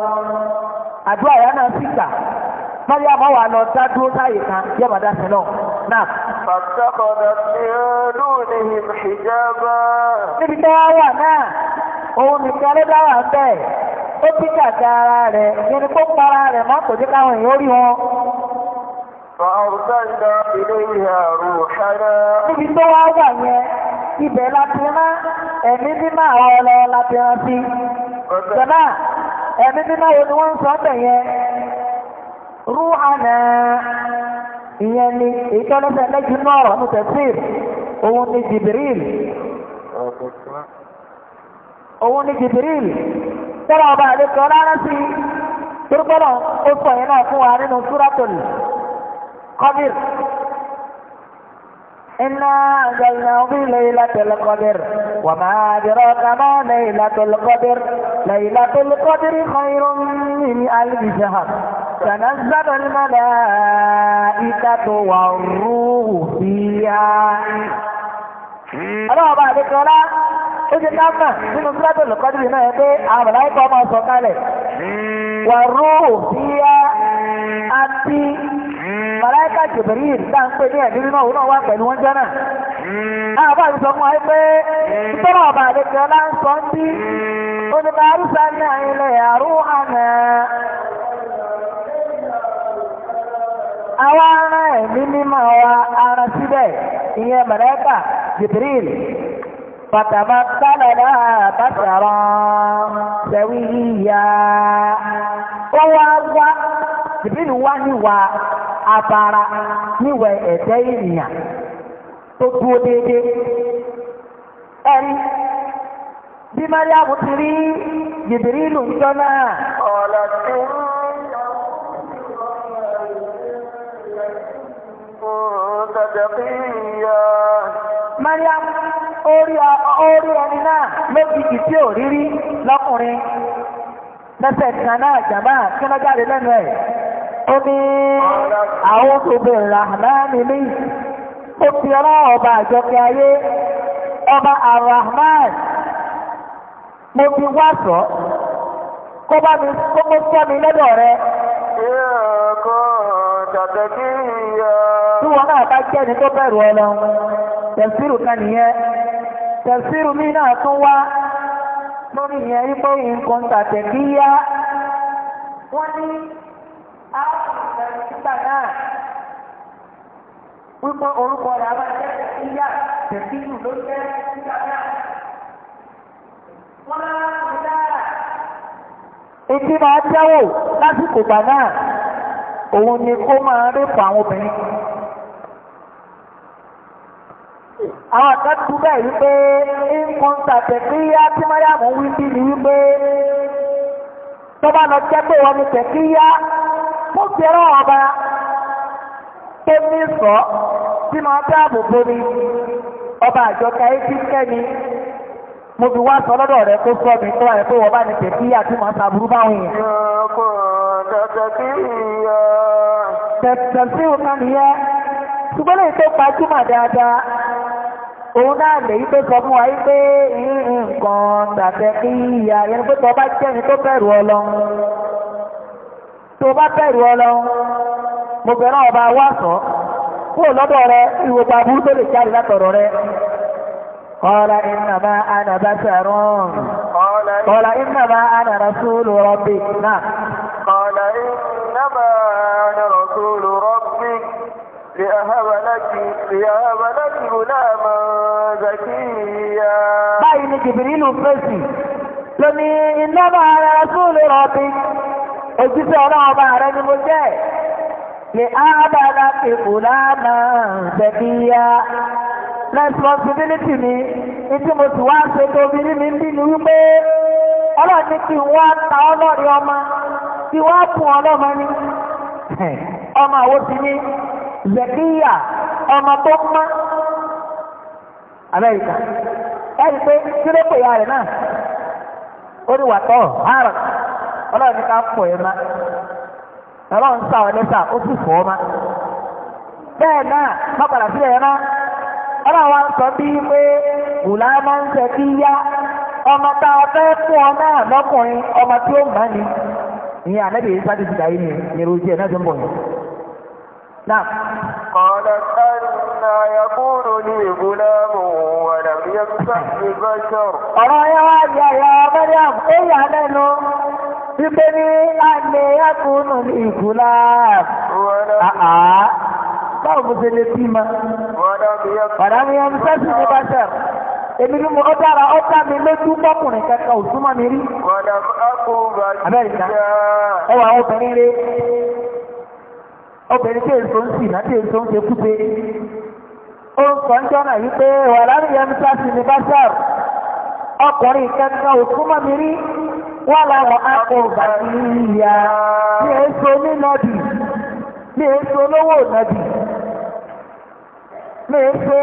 Mọ́lẹ́ àmọ́ wà lọ dá dúró táyé kan yẹ́ màá dáṣẹ́ náà. Náà. Fàtàkọ̀dà ti rú ní ìjọba. Níbi tí wọ́n wà náà, òun nìkan ló dá wà ń Ó bí kàkà ara rẹ̀, yẹn kó para rẹ̀ mọ́ kò jẹ́ káwọn èèyàn rí wọn. Fàrùsẹ́ńdà ilé ìhà rù ṣáná. Níbi tó wá wà yẹn, ibẹ̀ láti rán ẹ̀mí mímọ́ àwọn ọlọ́ láti rán sí. Jọ̀dá, ẹ̀mí mímọ́ wo ni wọ́n ń sọ ọ́ rúhànà ìyẹn ni ìtọ́lẹ́sẹ̀ lẹ́jì náà rọ̀ ní tẹ̀síìr òun ni jìbìrìl òun ni jìbìrìl tọ́lá ọba àdékọ́ ụfọdụ na torípọ́nà ó sọ إنا أنزلناه ليلة القدر وما أدراك ما ليلة القدر ليلة القدر خير من ألف شهر تنزل الملائكة والروح فيها ọlọ́ọ̀bá àdékọ́lá ó ti ká mọ̀ nínú sílẹ̀tò lùkọ́dìrì náà pé àwọn mọ̀láìkọ́ ọmọ sọ̀kalẹ̀ wà rúù màláíkà Jibril dá ń pè ní ẹ̀mí mímọ́ òun náà wá pẹ̀lú wọn jọ́nà. àbá mi sọ fún wa pé hmm. ọba ọlá ń sọ ń bí hmm. àná. àwa ara ẹ̀mí mímọ́ wa ara síbẹ̀ ìyẹn فتبدل لها بشرا سويا ó wá wá jìbìlì wá níwà abara níwà ẹ̀jẹ̀ ènìyàn tó dúró déédéé ẹni bí mariamu ti rí jìbìlì ìjọ náà. ọ̀la tí ń Mariam orí ẹni náà lójijì tí ò lọ́kùnrin lẹ́sẹ̀ kan náà jàmbá kí lẹ́nu ẹ̀ ó ní àwọn òṣèlú rahman ó ọba àjọkẹ́ ayé ọba arahman mo fi wá sọ kó bá mi kó mo sọ mi lọ́dọ̀ rẹ. tí náà bá jẹ́ tó bẹ̀rù tẹ̀sírù mi náà tún wá lórí ìyẹn wípé nǹkan tàtẹ̀ kí yá wọ́n ní áàpù náà wípé orúkọ rẹ̀ a máa jẹ́ naa yá tẹ̀sírù ló jẹ́ nígbà náà wọ́n á kú dára. máa jẹ́wò lásìkò àwọn kan tún bẹ́ẹ̀ wípé nǹkan tàtẹ̀kíyá tí mọ́yàmù wí bí ni wípé tó bá lọ jẹ́ pé wọ́n ní ọba tó ní sọ tí ni ọba àjọka etí kẹ́ni mo fi wá sọ lọ́dọ̀ rẹ kó sọ mi tó wà pé wọ́n bá ní tí sàbúrú báwọn yẹn. ṣùgbọ́n lè tó dáadáa. òun náà lè yí pé sọ fún wa yí pé nǹkan tàfẹ́ kí ìyá yẹn pé tọ́ bá jẹ́ ni tó bẹ̀rù Ọlọ́run tó bá bẹ̀rù Ọlọ́run mo fẹ́ràn ọba wá sọ kó lọ́dọ̀ rẹ ìwò pàbú tó lè jáde látọ̀rọ̀ rẹ. Qala innama ana basharun. Qala innama ana rasulu rabbik náà. Qala innama ana rasulu rabbik. لأهب لك لأهب لك غلاما زكيا بين جبريل وفسي لمي إنما ọlọ́ọ̀bá rẹ ni mo jẹ́ ara ábàdà ìkù lánà bẹ̀bíyà responsibility mi ìdí mo sì wá ṣe tóbi ní mi ni wípé ọlọ́ọ̀ kí wọ́n ta ọlọ́ọ̀rẹ́ ọmọ kí wọ́n kún ọlọ́mọ ọmọ àwọn ti ní. Zakiya ọmọ tó mọ́ Amẹ́ríkà ẹ̀rí pé kílópù ìyá rẹ̀ náà ó ní wàtọ́ hàrọ̀ ọlọ́run ní ká fọ̀ ẹ̀ má ọlọ́run sá ọ lẹ́sà ó sì fọ̀ ọ́ má bẹ́ẹ̀ náà má padà wa sọ bí pé bùlá máa ń ṣe ọmọ tá a fẹ́ ọ náà lọ́kùnrin ọmọ tí ó sáà ti ti dà yín ni náà ti ń bọ̀ نعم قالت أن يكون لي غلام ولم يمسحني بشر ọ̀rọ̀ yẹn wá di ọ̀rọ̀ Mariam ó yà lẹ́nu wípé ní àlè yàtúnù ní ìgbùlá báwo mo ṣe lè bí ma ọ̀rọ̀ mi yẹn sẹ́sì ní bàṣẹ́r èmi ni mo dára ó dá mi lójú mọ́kùnrin kankan ò súnmọ́ mi rí abẹ́rẹ́ ìta ọwọ́ àwọn obìnrin rí. obìnrin tí èso ń sì náà tí èso ń ṣe kúpe ó ń sọ ń jọ́nà wà láàrin yẹn nípa ní báṣáàrù ọkùnrin kankan ò súnmọ́ rí wọ́n làwọn akọ ìgbàlíyà ní èso nínàbì ní èso olówó nàbì ní èso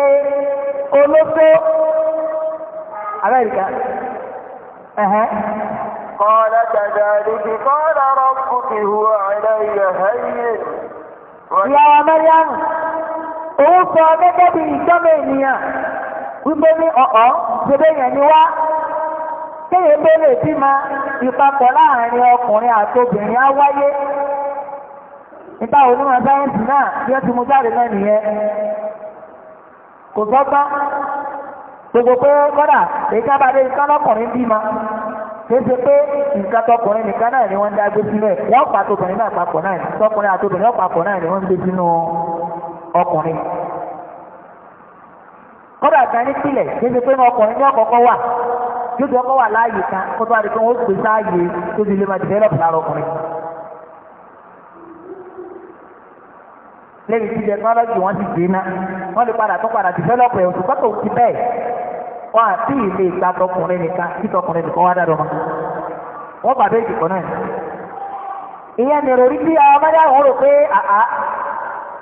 olóso amẹ́ríkà. قال كذلك قال ربك هو علي هين ìyàwó Mariana, òun sọ gẹ́gẹ́ bí ìjọba ènìyàn wípé ní ọ̀ọ́ gbèdé yẹn ni wá kéye ma lè laarin ìpapọ̀ láàrin ọkùnrin àti obìnrin á wáyé nípa onímọ̀ sáyẹ́ǹsì bí ó ti mú jáde náà nìyẹn kò sọ́gbọ́n gbogbo pé kọ́dà èyí ká bá dé ìtọ́lọ́kùnrin bímọ. kéde pé nǹkan tọkùnrin nìkan náà ni wọ́n ń dá gbé sínú wọ́n pa tóbìnrin náà ni wọ́n ń gbé sínú ọkùnrin. kọ́dà gan ní sílẹ̀ kéde pé ọkùnrin ní ọ̀kọ̀ọ̀kọ̀ wà yóò ọkọ̀ wà láàyè kan kó tó àdìpé wọn ó gbé sáàyè tó fi máa lára ọkùnrin. lẹ́yìn tí wọn àti ilé ìta tọkùnrin nìkan tí tọkùnrin nìkan wá dàdọ̀ mọ́ wọn bàbá èjì kan náà ìyẹn ní orí bí àwọn ọmọdé àwọn rò pé àá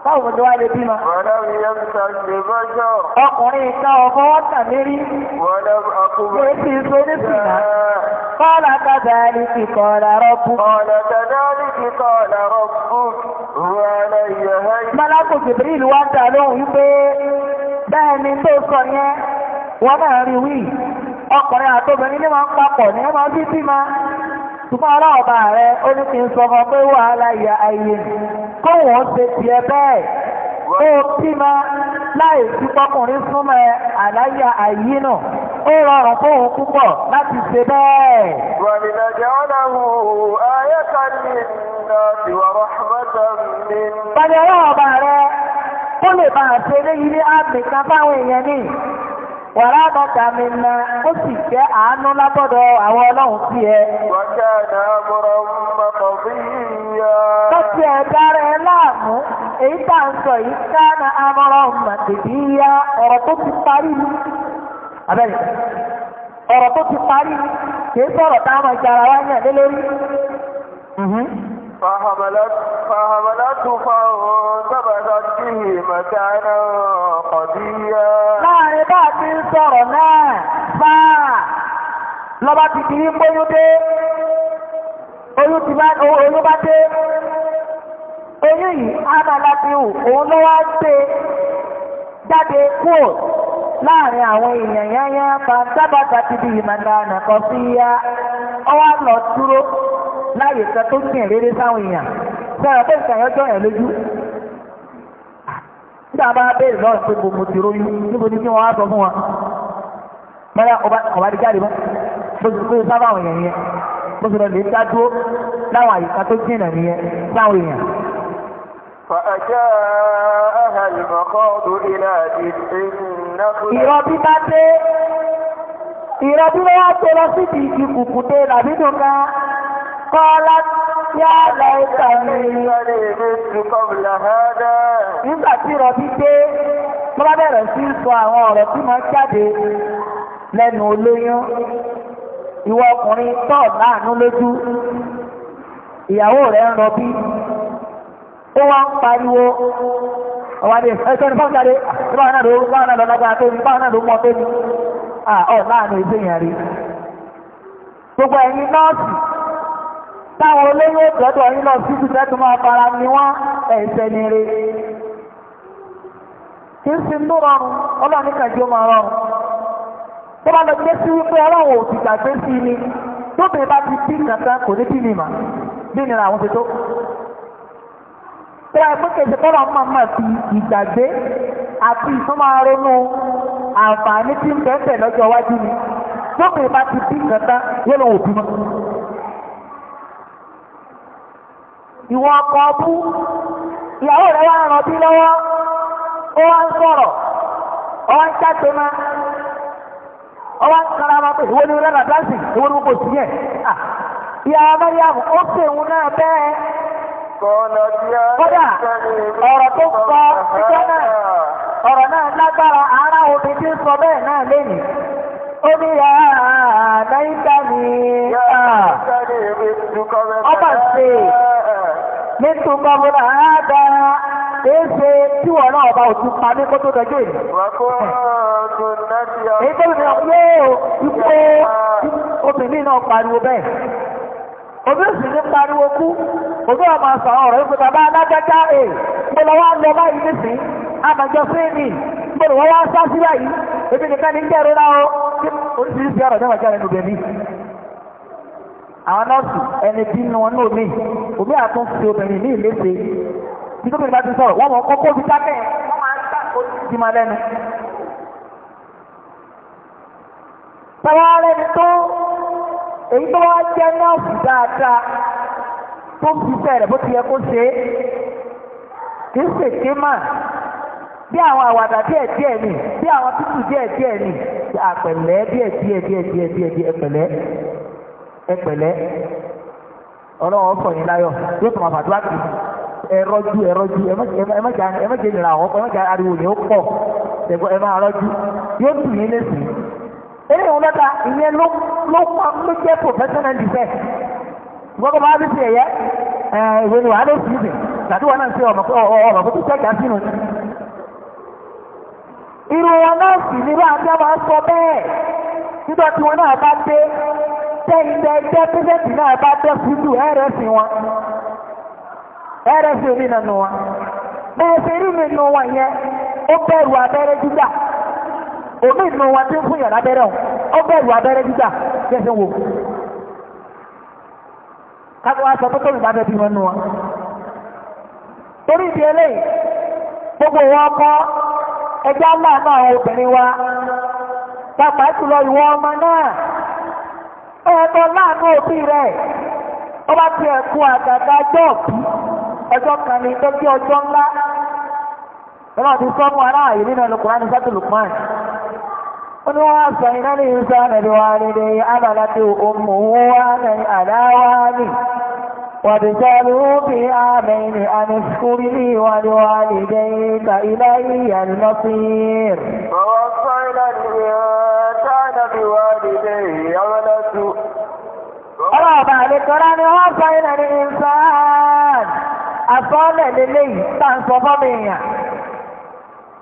báwo mo ti wá lè bímọ. wọ́n yẹ kí n ṣe bọ́jọ́. ọkùnrin ká ọkọ wọn tà mí rí. wọ́n lọ akúbọ̀. èsì ìsonísìnà. kọ́lá kàdáàlì kì kọ́lá rọ́bù. kọ́lá kàdáàlì kì kọ́lá rọ́bù. wọ́n lọ yẹ hẹ́yìn. mọ́lákùn jìbìrìlù wá dà lóhùn wípé bẹ́ẹ̀ ni tó sọ yẹn wọn náà rí wí ọkùnrin àtobìnrin ní máa ń papọ̀ ní máa bí bí ma ṣùgbọ́n aláọ̀bà rẹ ó ní kí n sọ fún pé wàhálà ìyá ayé kóhùn ó ṣe tiẹ̀ bẹ́ẹ̀ ó bí ma láì sí pọkùnrin súnmọ́ ẹ àláyà ayé náà ó rọrùn fóun púpọ̀ láti ṣe bẹ́ẹ̀. wàlìlàjà ọ̀làwọ̀ ayẹ́ta ní ìlànà ìwàrọ̀ àmọ́ta mi. pàdé aláọ̀bà rẹ ó lè bá àṣẹ léyìí ní àmì kan fáwọn èèyàn ní. Wàrà àbọ̀tà mi na ó sì jẹ́ àánú lábọ́dọ̀ àwọn ọlọ́run sí ẹ. Wọ́jà náà mọ̀rọ̀ mọ̀kàn fún yíyá. Lọ́sí ẹ̀ dára ẹ láàmú, èyí tá à ń sọ yìí ká na amọ̀rọ̀ màtìbí yá ọ̀rọ̀ tó ti parí ni. Abẹ́rẹ́ ọ̀rọ̀ tó ti parí ni kì í sọ̀rọ̀ táwọn ìjà ara wá yàn lé lórí. Mhm. فحملت فحملته فانتبذت به مكانا قديا láàrin bá a ti ń sọ̀rọ̀ náà fáà ti di ń Lọba jáde kúrò láàrin àwọn èèyàn yányá ti di ìmọ̀nà ànàkọ́ sí yá ọwọ́ lọ láàyè kan tó jìn rere sáwọn èèyàn sọ̀rọ̀ pé nǹkan yẹn jọ̀yàn lójú. nígbà bá béèrè lọ́rùn pé gbogbo ti róyún níbo ni kí wọ́n á sọ fún wọn. báyà ọba ti jáde mọ́ bó ti kó sábà àwọn èèyàn yẹn bó ti lọ lè dá dúró láwọn àyíká tó jìnà nìyẹn sáwọn èèyàn. فأجاءها المخاض bá dé ìrọbí bá wá tó lọ síbi ìkùkùté làbínú kan قالت يا ليتني مت قبل هذا nígbà tí rọ̀bí dé lọ́wọ́ bẹ̀rẹ̀ sí sọ àwọn ọ̀rọ̀ tí máa jáde lẹ́nu olóyún ìwọ ọkùnrin tọ̀ láàánú lójú ìyàwó rẹ̀ ń rọbí ó wá ń pariwo ọ̀wá ẹ̀sọ́ ah, náà ló náà lọ lágbára tó ní náà ló mọ tó ní ah, ọ̀ láàánú ìgbéyàn rí gbogbo ẹ̀yin nọ́ọ̀sì táwọn olówó lọ́dọ̀ yín lọ síbi tẹ́tù máa fara ni wá ẹ̀sẹ̀ ni re kì í sin tó rọrùn ọlọ́run kan máa rọrùn tó bá lọ gbé sí wípé ni bá ti bí kankan kò ní bí àwọn ti tó tó àti àǹfààní tí ń lọ́jọ́ iwájú ni bá ti ìwọ ọkọ ọbú ìyàwó rẹ wàá ràn bí lọ́wọ́ ó wá ń sọ̀rọ̀ ó wá ń ṣàtò náà ó wá ń kara ọmọ pé ìwọ ni rẹ ràdásì ìwọ ni kò sí yẹn ìyàwó mẹríàmù ó pè òun náà bẹ́ẹ̀ kódà ọ̀rọ̀ tó sọ ìjọ náà ọ̀rọ̀ náà lágbára ara òbí tí ń sọ bẹ́ẹ̀ náà lẹ́yìn. Olúwa àdáyíká mi. Ọba ṣe nítorí ọmọdé àádá èéṣe tí wọ́n náà ọba òtún pa ní kó tó dọjọ́ èyí. Èyí tó lè ní ọ̀pẹ́ ikú obìnrin náà pariwo bẹ́ẹ̀. òbí òsì ní pariwo kú òbí ọmọ àṣà ọ̀rọ̀ ìpè bàbá adájọ́já è gbọ́dọ̀ wá lọ báyìí nísìn àmàjọ fíìmì gbọ́dọ̀ wọ́n wá sá sí báyìí ebi nìkan ní jẹ́ ìrora o oríṣiríṣi àwọn ẹni bí wọn mi òbí àtúnṣe obìnrin ní bí kókó bí máa ń lẹ́nu. tọ́wọ́ èyí tó wá jẹ́ nọ́ọ̀sì dáadáa tó fi bẹ̀rẹ̀ bó ti yẹ kó ṣe é kì í ṣèké mà bí àwọn àwàdà díẹ̀ díẹ̀ nì bí àwọn títù díẹ̀ díẹ̀ nì àpẹ̀lẹ́ díẹ̀ díẹ̀ díẹ̀ díẹ̀ díẹ̀ díẹ̀ ẹ̀pẹ̀lẹ́ ẹ̀pẹ̀lẹ́ ọlọ́run ọ̀fọ̀ yín láyọ̀ yóò tó máa fàdúrà kì í ẹ̀rọ́jú ẹ̀rọ́jú ẹ̀mẹ́jẹ̀ ìrìnà àwọn ọkọ̀ ẹ̀mẹ́jẹ̀ ariwo yẹn ó pọ̀ ẹ̀mẹ́ àrọ́jú yóò tù yín lẹ́sìn eré ìwọ mẹ́ta ìyẹn ló ló ló professional defence gbogbo máa bí ti ẹ̀yẹ ìwé ni wàá ló sì bì tàbí náà ṣe ọmọ ọmọ kó tó jẹ́ gà sínú. irú wọn náà sì ní bá sọ bẹ́ẹ̀ nígbà tí wọn náà bá dé jẹ́ náà bá dé ẹ̀rẹ́sì wọn ẹ̀rẹ́sì wọn bẹ́ẹ̀ ṣe rí mi òmí ìlú wọn ti n fún yàn lábẹ́rẹ́ o ó bẹ̀rù abẹ́rẹ́ gbígbà kẹsàn wò kákó wa sọ pé ìbá bẹ́ẹ̀ bí wọn torí ìdí eléyìí gbogbo wọn kọ ẹjọ́ láàánú àwọn obìnrin wa pápá jùlọ ìwọ ọmọ náà O láàánú òbí rẹ̀ ó bá ti ẹ̀kú àgàgà ọjọ́ ọjọ́ kan ní tó ọjọ́ ńlá. Lọ́wọ́ ti sọ́mu aráàlú nínú ẹlòkùnrin ní قد وصينا الإنسان بوالديه حملته أمه وهنا على وهن وابتلوا في عامين أن اشكر لي ولوالديك إلي المصير ووصينا الإنسان بوالديه حملته ọlọ́wọ́ bá lè kọ́lá ni wọ́n sọ ilẹ̀ ní ìsáàn àsọ́ọ̀lẹ̀ lélẹ́yìí tá à ń sọ fọ́mìyàn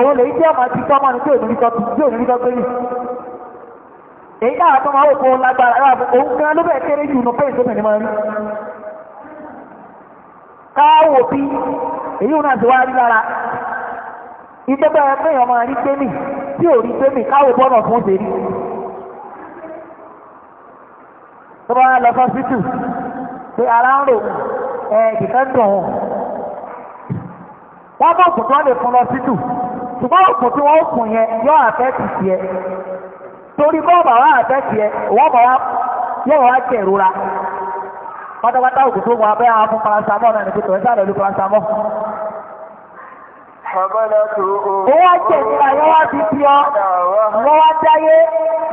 òun lè jẹ́ ọmọ ti tọ́mọ ní tí ò nílùú tọ́tù tí èyí náà tó máa wò kó lágbára rà òun gan ló bẹ̀ kéré jù nù pé ìsómi ni máa rí káwò bí èyí ò náà ti wá rí lára ìjọba ẹgbẹ́ yẹn máa rí gbẹ́mì tí ò rí gbẹ́mì káwò bọ́nà fún ṣe tó bá lọ sọ́sítù pé ara ń rò ẹ̀ kìkẹ́ dùn wọ́n bọ̀ kò tó lè fún lọ sítù. ṣùgbọ́n òkùn tí wọ́n kùn yọ àfẹ́tì tiẹ̀ torí bọ́ọ̀bà wá àfẹ́tì ẹ̀ wọ́n bọ̀ wá wá jẹ́ ìrora pátápátá tó wọ abẹ́ náà tòun paracetamol. Owó ìgbà wá ti fi ọ, wọ́n wá dáyé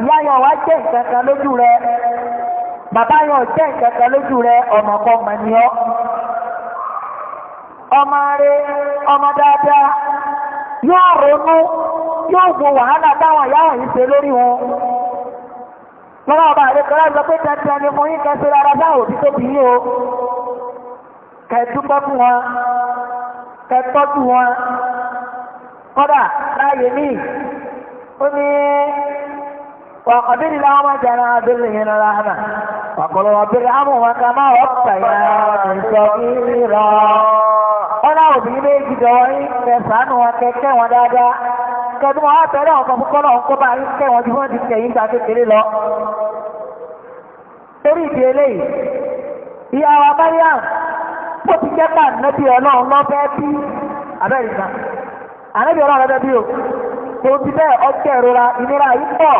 láyọ̀ wá jẹ́ ìkankan lójú rẹ̀. Bàbá jẹ́ lójú ọmọ kan Ọmọ ọmọ dáadáa. yóò ronú yóò wo wàhálà táwọn ìyá wọ̀nyí ṣe lórí wọn lọ́wọ́ ọba àdékọ́lá sọ pé tẹ́tẹ́ ni mo yín kẹsí rárá sáà òbí tó bí yín o kẹtúbọ́ fún wọn kẹtọ́jú wọn kọ́dà láàyè míì ó ní وقدر لهم جنابهم رحمة وقل رب ارحمهما كما ربياني صغيرا ọlọ́run òbí méjì dọ̀wọ́ yín kẹsànán wọn kẹkẹ́ wọn dáadáa kẹdùn wọn àtẹ̀lé ọ̀kan fún kọ́lọ̀ ńkọ́ bá lọ. ọlọ́run bí o ti bẹ́ẹ̀ ọjọ́ ìrora ìnira yìí pọ̀.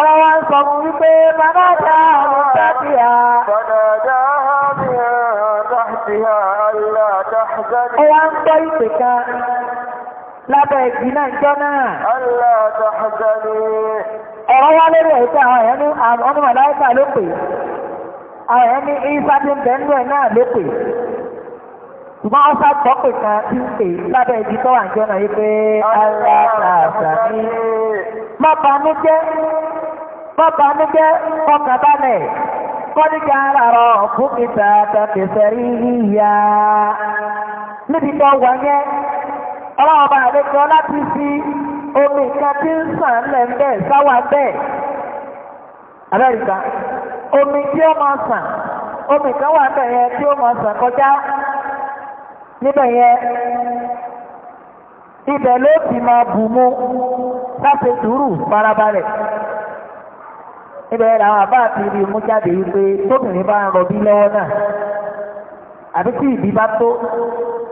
Ọ̀rọ̀ wa ń sọ mú wípé Bàdájá àwọn tàbíà. Bàdájá àmìyà tàbíà àìlà tàbí. Ó wá ń gbọ́ ìpè kan lábẹ́ ìgbì náà jọ náà. Àìlà tàbí. Ọ̀rọ̀ wa lórí ẹ̀ṣẹ́ àwọn ẹ̀yẹ́ ní ọmọ màláìkà ló pè. Àwọn ẹ̀yẹ́ ní Ìfàdín Bẹ́ńdẹ̀ náà ló pè. Ṣùgbọ́n ọ̀sá gbọ́ pè kan tí ń pè lábẹ́ ìgbì tó wà ń jọ náà yí pé Àìlà tàbí. Má banú jẹ́. bàbá mi jẹ́ ọkàn balẹ̀ kọ́ni jẹ́ ara rọ̀ fún láti fi omi kan tí ń sàn lẹ̀ ń bẹ̀ omi tí ó ma sàn omi kan wà bẹ́ẹ̀ yẹn tí ó kọjá níbẹ̀ yẹn ló ti bù láti níbẹ̀ làwọn àbá àti ibi mú jáde wípé tóbìnrin bá ń rọbí lọ́wọ́ náà àbí tí ìbí bá tó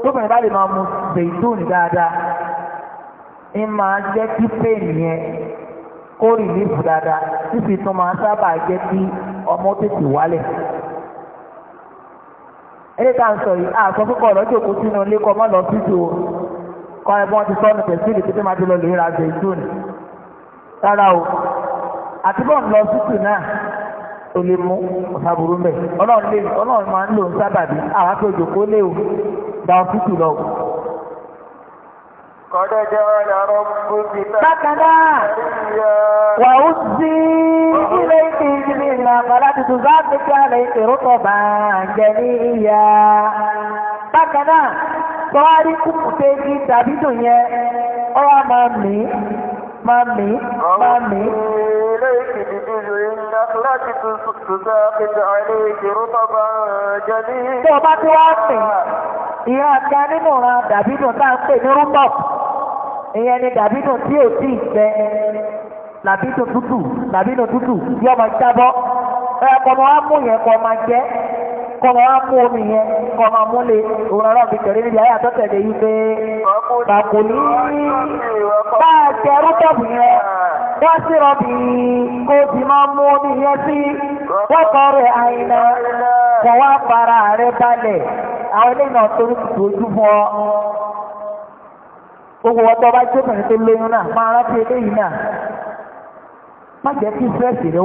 tóbìnrin bá lè máa mu zèyítúùnì dáadáa ń máa jẹ́ kí péènì yẹn kó rìlífù dáadáa sísì tún máa sábà jẹ́ kí ọmọ tètè wálẹ̀ ilé tá à ń sọ yìí àsọ púpọ̀ lọ́jọ́ òkú sínú ilé kọ́ mọ́ lọ síjú o kọ́ ẹ̀bọ́n ti sọ́nù tẹ̀sílì títí máa ti lọ lè ra zèyítúùnì rárá o. àti bọ́ọ̀ lọ náà ó lè mú ọ̀sàbùrú mẹ́ ọlọ́run lè ọlọ́run máa ń lò ń àwọn kó lé o lọ. Kọ́dọ̀jọ́ ọ̀rọ̀ bùkì náà. Bákan náà, wà ó sí ilé ìdílé náà, Mami, mami. إليك بجذع النخلة تساقط عليك رطبا جليلا. Tó o bá ti wá sìn, ìyá àga nínú ran dàbídù tá à ń pè ní rúbọ̀p. Ìyẹn ni dàbídù tí ò tí ì gbẹ. Làbídù tútù, làbídù tútù, yọmọ jábọ́. Ẹ kọ́ mọ wá mú yẹn kọ́ máa jẹ́ kọ́mọ wá kó omi yẹn kọ́mọ múlẹ̀ òwúrọ̀ bí kẹrin níbi ayé àtọ́tẹ̀lé yìí pé bàkò ní bá a jẹ rọ́tọ̀bù yẹn wọ́n sì rọ́bì kó ti máa mú omi yẹn sí wọ́kọ̀ rẹ̀ àyìnà kọ̀ wá fara rẹ̀ balẹ̀ àwọn eléyìí náà tó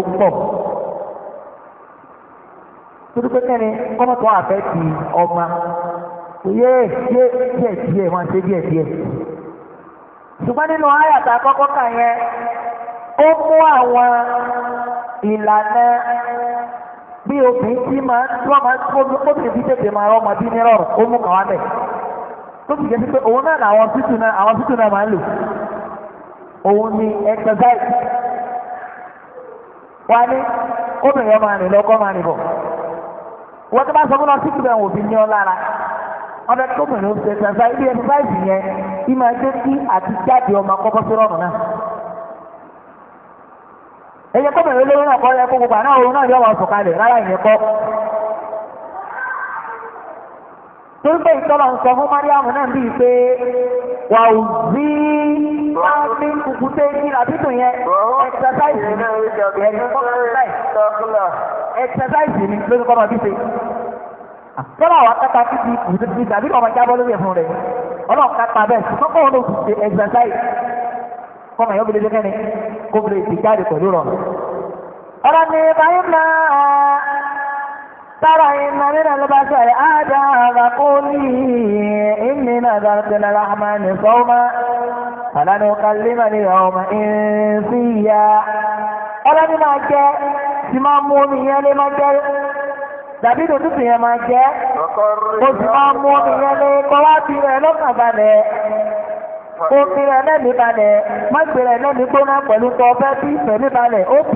lóyún torí pé kẹ́ni kọ́mọ̀tò àfẹ́ ti ọmọ yé yé díẹ̀ díẹ̀ máa ṣe díẹ̀ díẹ̀ ṣùgbọ́n nínú àyàtà kọ́kọ́ kà yẹn ó mú àwọn ìlànà bí obìnrin tí máa ń tí wọ́n máa ń tó tètè máa rọ́ ní rọrùn ó mú kàwá bẹ̀ tó jẹ́ pé òun náà làwọn náà àwọn wọ́n tó bá sọ fún ọ síkì bẹ́ẹ̀ wò ní ọlára lára ọbẹ̀ tó bẹ̀rẹ̀ ó ṣe ṣàṣà ilé ẹ̀fíṣáìsì yẹn kí máa jẹ́ kí àti jáde ọmọ akọ́kọ́ sí rọrùn náà. ẹ̀yẹ kọ́ bẹ̀rẹ̀ olówó náà kọ́ gbogbo torípé ìtọ́lọ̀ ń sọ fún mariam náà bíi pé wà ó bí wọ́n ní kùkùté ní làbídùn yẹn ẹ̀xẹ̀sáìsì ni ẹ̀xẹ̀sáìsì ni lórí kọ́mọ bí ṣe. tọ́lọ̀ àwọn akẹ́kọ̀ọ́ ti di kùkùté ti dàbí ọmọ jábọ́ lórí ẹ̀fọn rẹ̀ ọlọ́ọ̀ká pa bẹ́ẹ̀ ṣùgbọ́n kọ́ wọn ó ti ṣe ẹ̀xẹ̀sáìsì kọ́mọ yóò bẹ̀rẹ̀ kẹ́ni kó bẹ̀rẹ̀ ìjáde pẹ̀lú rọ̀. ọ̀rọ̀ ni ibrahim náà ترى إن من البشر آدم قولي إني نذرت للرحمن صوما فلن أكلم اليوم إنسيا ọlọ́ni máa jẹ́ tí máa mú omi gbóná pẹ̀lú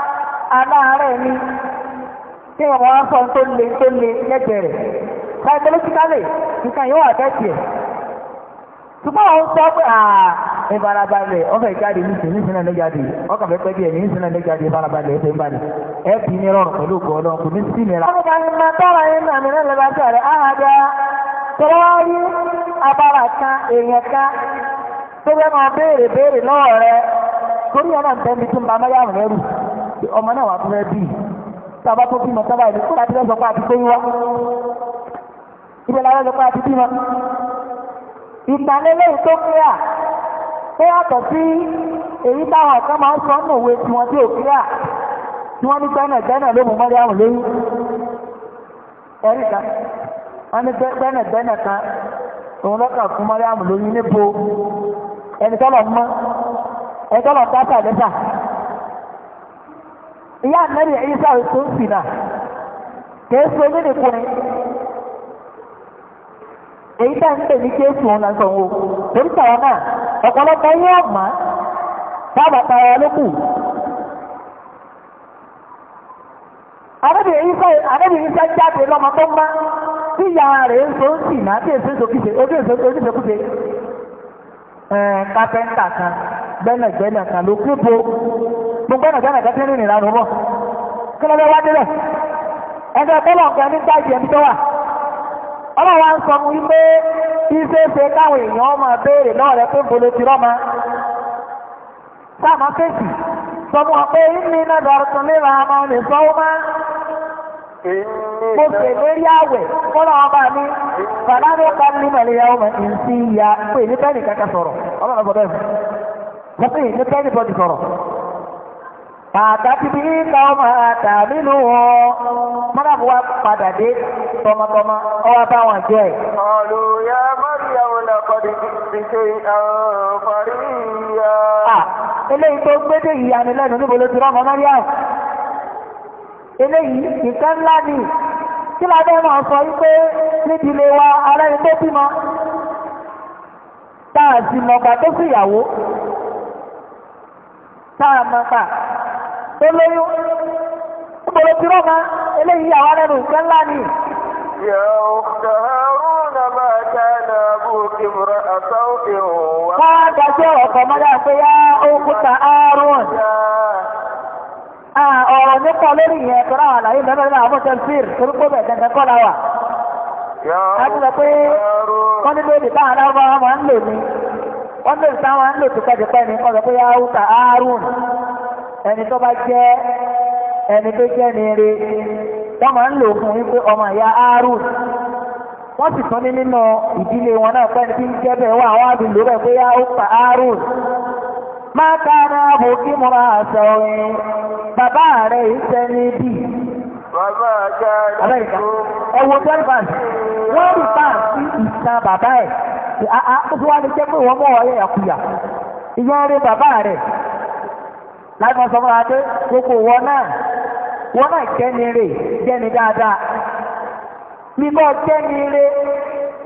aláàárẹ̀ ni tí wọ́n wá sọ tó le tó le lẹ́gbẹ̀ẹ́ rẹ̀ psychologically nǹkan yóò àtẹ́tì ẹ̀ ṣùgbọ́n àwọn sọ pé ìbarabalẹ̀ ọ̀fẹ́ ìjáde ní ìsìn nísìn náà jáde ọkàn fẹ́ pẹ́ bí ẹ̀mí jáde ẹ̀fẹ́ ẹ̀ bí ní rọrùn pẹ̀lú ògùn ọlọ́run kò ní sí nira. tọ́ra yín náà mìíràn abala kan èèyàn kan tó fẹ́ máa béèrè béèrè lọ́wọ́ rẹ torí ọmọ náà wà fún ẹbí tábà tó bímọ tábà ìlú kó láti lọ́sọ̀pá àti pé wá ìbẹ̀lẹ̀ lọ́sọ̀pá àti bímọ. ìtàlélẹ́ tó kíá ó yàtọ̀ sí èyí táwọn ọ̀kan máa ń sọ ọ́nà òwe tí wọ́n tí ò kíá tí wọ́n ní gbẹ́nàgbẹ́nà ló mú mọ́rí àrùn lóyún. ẹ̀rí kan wọ́n ní gbẹ́nàgbẹ́nà kan òun lọ́kàn fún mọ́rí àrùn lóyún níbo ẹni tọ́lọ̀ mọ́ ẹni tọ́lọ̀ dáta lẹ́tà ìyá ànábì Ìsá ètò na sìn náà kèésù onínìkùnrin èyí tá à ń ní kèésù òun lásán wo torí tàwa náà ọ̀pọ̀lọpọ̀ yóò mọ̀ bàbá tàwa ló kù. ànábì Ìsá ànábì Ìsá jáde lọ́mọ tó ń bá tí ìyá rẹ̀ ń so ń sìn náà tí gbogbo ẹ̀nà gánà kan tí ìrìnà lọ́wọ́ kí ló fẹ́ wá délẹ̀ ẹgbẹ́ bọ́lọ̀ nǹkan ní tó wà ń sọ ṣe káwọn èèyàn ọmọ béèrè náà rẹ pé bolo ti fèsì sọ ọ pé ní iná dọ̀rọ̀ tún ra ọmọ sọ ọmọ mo àwẹ̀ ọba mi ya ọmọ ìsìn ìyá pé ní pàtàkì bí káwọn àtàmì nù wọn mọ́nàbù wa padà dé tọmọtọmọ ọwọ́ bá wọn jẹ́ ẹ̀. ọ̀lùyà mọ́ríyàwó lọ́kọ̀dé ti ṣe àǹfààní yá. eléyìí tó gbédè yìí ànilẹ́nu níbo ló ti rán ọmọ mọ́ríyàwó. eléyìí nǹkan ńlá ni kí ládé máa sọ wípé níbi ilé wa ará ẹni tó bímọ táà sì mọ̀gbà tó sì yàwó táà mọ̀gbà tó lóyún gbogbo tí rọ́mà eléyìí àwọn ẹnu nǹkan ni. Ká Ọ̀rọ̀ nípa lórí ìyẹn tọ́ra wà láyé lọ́nà àwọn pé wọ́n aláwọ̀ lò ní. Wọ́n ni pé yá ẹni tó bá jẹ́ ẹni tó jẹ́ ní rí wọ́n máa ń lò fún wípé ọmọ ìyá Harun wọ́n sì tún ní nínú ìdílé wọn náà pẹ́ni tí ń jẹ́ bẹ́ẹ̀ wọ́n àwọn àdúgbò rẹ̀ yá ó pa Harun ká kí mo máa sọ bàbá rẹ̀ ìṣẹ́ ní bì. bàbá rí bàbá ní jẹ́ pé wọ́n mọ̀ bàbá rẹ̀ láti wọn sọ fún wa pé gbogbo wọn náà wọn náà jẹ́ni rè jẹ́ni dáadáa jẹ́ni rè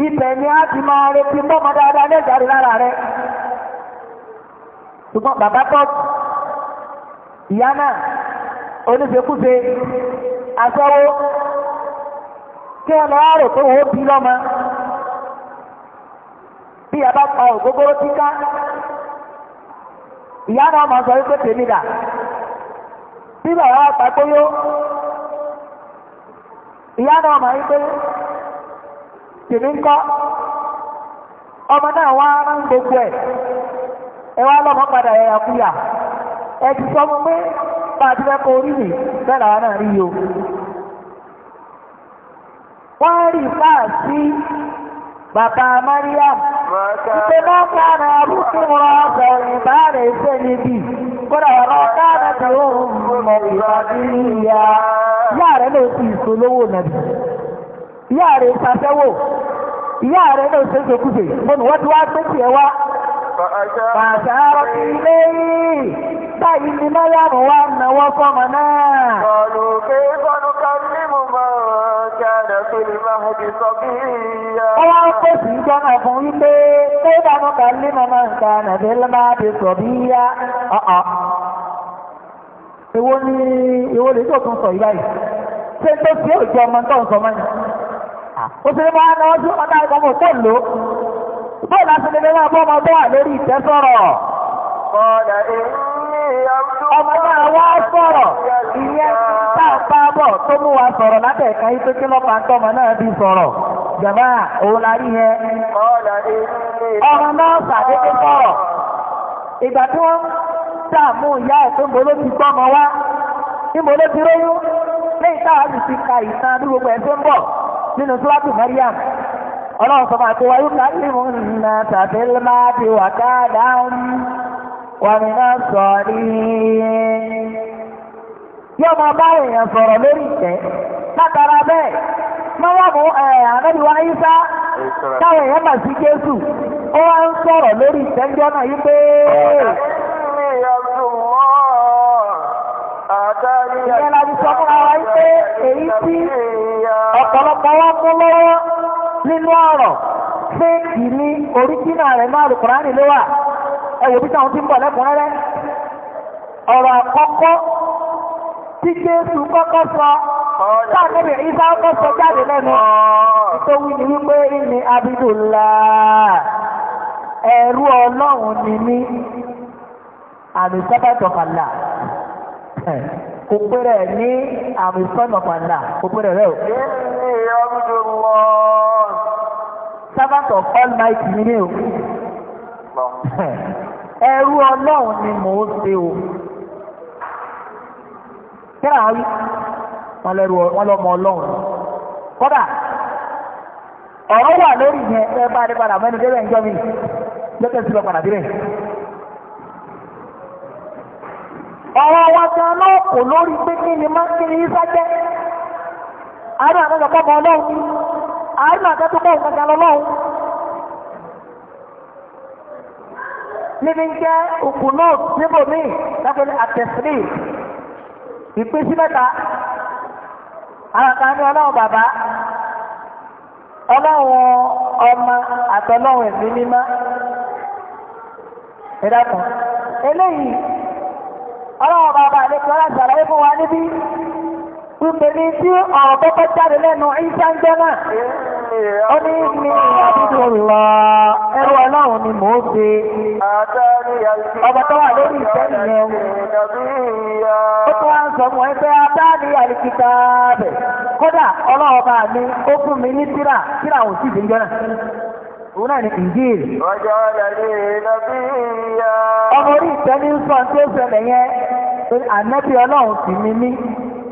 ibẹ̀ ni a ti máa retí mọ́mọ́ dáadáa ní ìjáde lára rẹ̀ ṣùgbọ́n bàbá tó ìyá náà oníṣekúṣe kí wọn lọ rò pé bí lọ́mọ bí pa ògógóró ìyá náà máa sọ wípé tèmi bí bàbá wa ìyá náà máa wípé tèmi ń kọ́ ọmọ náà wá rán gbogbo ẹ̀ ẹ wá lọ́mọ padà ẹ̀yà kúyà ẹ ti sọ mú pé bá a ti fẹ́ orí mi bẹ́ẹ̀ rí wọ́n rí bàbá Maria, ìpè máa ń kàrà àbúkú wọn ọ̀sẹ̀ ìbáàrẹ̀ iṣẹ́ níbi kódà ọ̀rọ̀ káàdà tó ń mọ̀ ìbàdí ìyá ìyá rẹ̀ ló ti ìṣòlówó nàbì ìyá ṣe é mọ́nù wọ́n ti wá gbé tiẹ̀ wá Fàṣàrọ̀ ilé báyìí ni Mọ́láàmù wá ń náwó fọ́mọ náà. Bọ̀lù kí Ọwọ́ pé sì ń fún wípé tó bá mọ́kà lé mọ́mọ́ nǹkan nàbí lọ́mọ́ àti sọ̀bí yá ọ̀ọ̀. ni èwo lè tó tún sọ ìgbà yìí? Ṣé tó fi òjò ọmọ tó ń sọ mọ́ yìí? Ó ṣe máa ń náwó sí ọmọdé tó lò. Bóòlù àti lè lè ọmọ tó wà lórí ìtẹ́sọ̀rọ̀. Bọ́ọ̀lù ọmọ náà wá sọ̀rọ̀ ìyẹn tá a bá bọ̀ tó mú wa sọ̀rọ̀ látẹ̀ka yìí pé kí lọ́ọ́ máa tọ́ ọmọ náà bí sọ̀rọ̀ jàmbá òun la rí yẹn. ọmọ náà sàdédé sọ̀rọ̀ ìgbà tí wọ́n dààmú ìyá ẹ̀ tó ń bolo ti gbọ́ ọmọ wá ní bolo ti róyún lẹ́yìn táwa sì ti ka ìtàn bí gbogbo ẹ̀ tó ń bọ̀ nínú síwájú Mariam ọlọ́run sọ fún àti wáyé kárí mú nà ومن الصالحين yóò máa bá èèyàn sọ̀rọ̀ lórí ìtẹ́ látara bẹ́ẹ̀ mọ́wọ́mù ànábì wa Ìsá táwọn èèyàn mà sí Jésù ó ń sọ̀rọ̀ lórí ìtẹ́ ńjọ́ náà yí pé. ọ̀pọ̀lọpọ̀ lọ́wọ́ nínú ọ̀rọ̀. pé ìní oríjìnà rẹ̀ náà Al-Qur'ani ló wà ẹ̀wò bí táwọn ti ń bọ̀ lẹ́kùnrẹ́rẹ́ ọ̀rọ̀ àkọ́kọ́ tí Jésù kọ́kọ́ sọ sáàkébì Ìsá kọ́ sọ jáde lẹ́nu tó ni wípé ìní Abdullah ẹ̀rú Ọlọ́run ni mí àmì sábàtọ̀ kàlà kò péré ní àmì sọ́nà kàlà kò péré rẹ̀ o. servant of almighty ni o ọlọ́run ni mò ń ṣe o kíra wọn lẹ́rú ọlọ́run ọ̀rọ̀ wà lórí yẹn ẹ bá padà ń jọ mi sí lọ padà débẹ̀. ọ̀rọ̀ wa gan náà kò lórí pé kí ni má kí ni àìmọ̀ àtẹ́tù pọ̀ nǹkan kan lọ́wọ́ níbi ń jẹ́ òkú náà níbò míì lápẹ́ ní àtẹ̀sílì ìpín sí mẹ́ta àwọn kan ní ọlọ́run bàbá ọlọ́run ọmọ àtọ́lọ́run ẹ̀mí mímọ́ ẹ̀dá kan eléyìí ọlọ́run bàbá àlejò ọlọ́run ṣàlàyé wa níbí. Pípè ní tí ọ̀rọ̀ kọ́kọ́ jáde lẹ́nu Ìsá ń jẹ́ náà. Ó ní ní àbúrò lọ ẹrú ọlọ́run ni mò ń ṣe. Ọmọ tó wà lórí ìfẹ́ nìyẹn. Ó tún wá ń sọ mọ́ ẹgbẹ́ Adáni Àlìkìtà bẹ̀. Kódà ọlọ́run bá mi, ó fún mi ní tíra, tíra òun sì dé ọmọ orí ìtẹ́ ní sọ tí ó ṣẹlẹ̀ yẹn ànẹ́bí ọlọ́run sì mi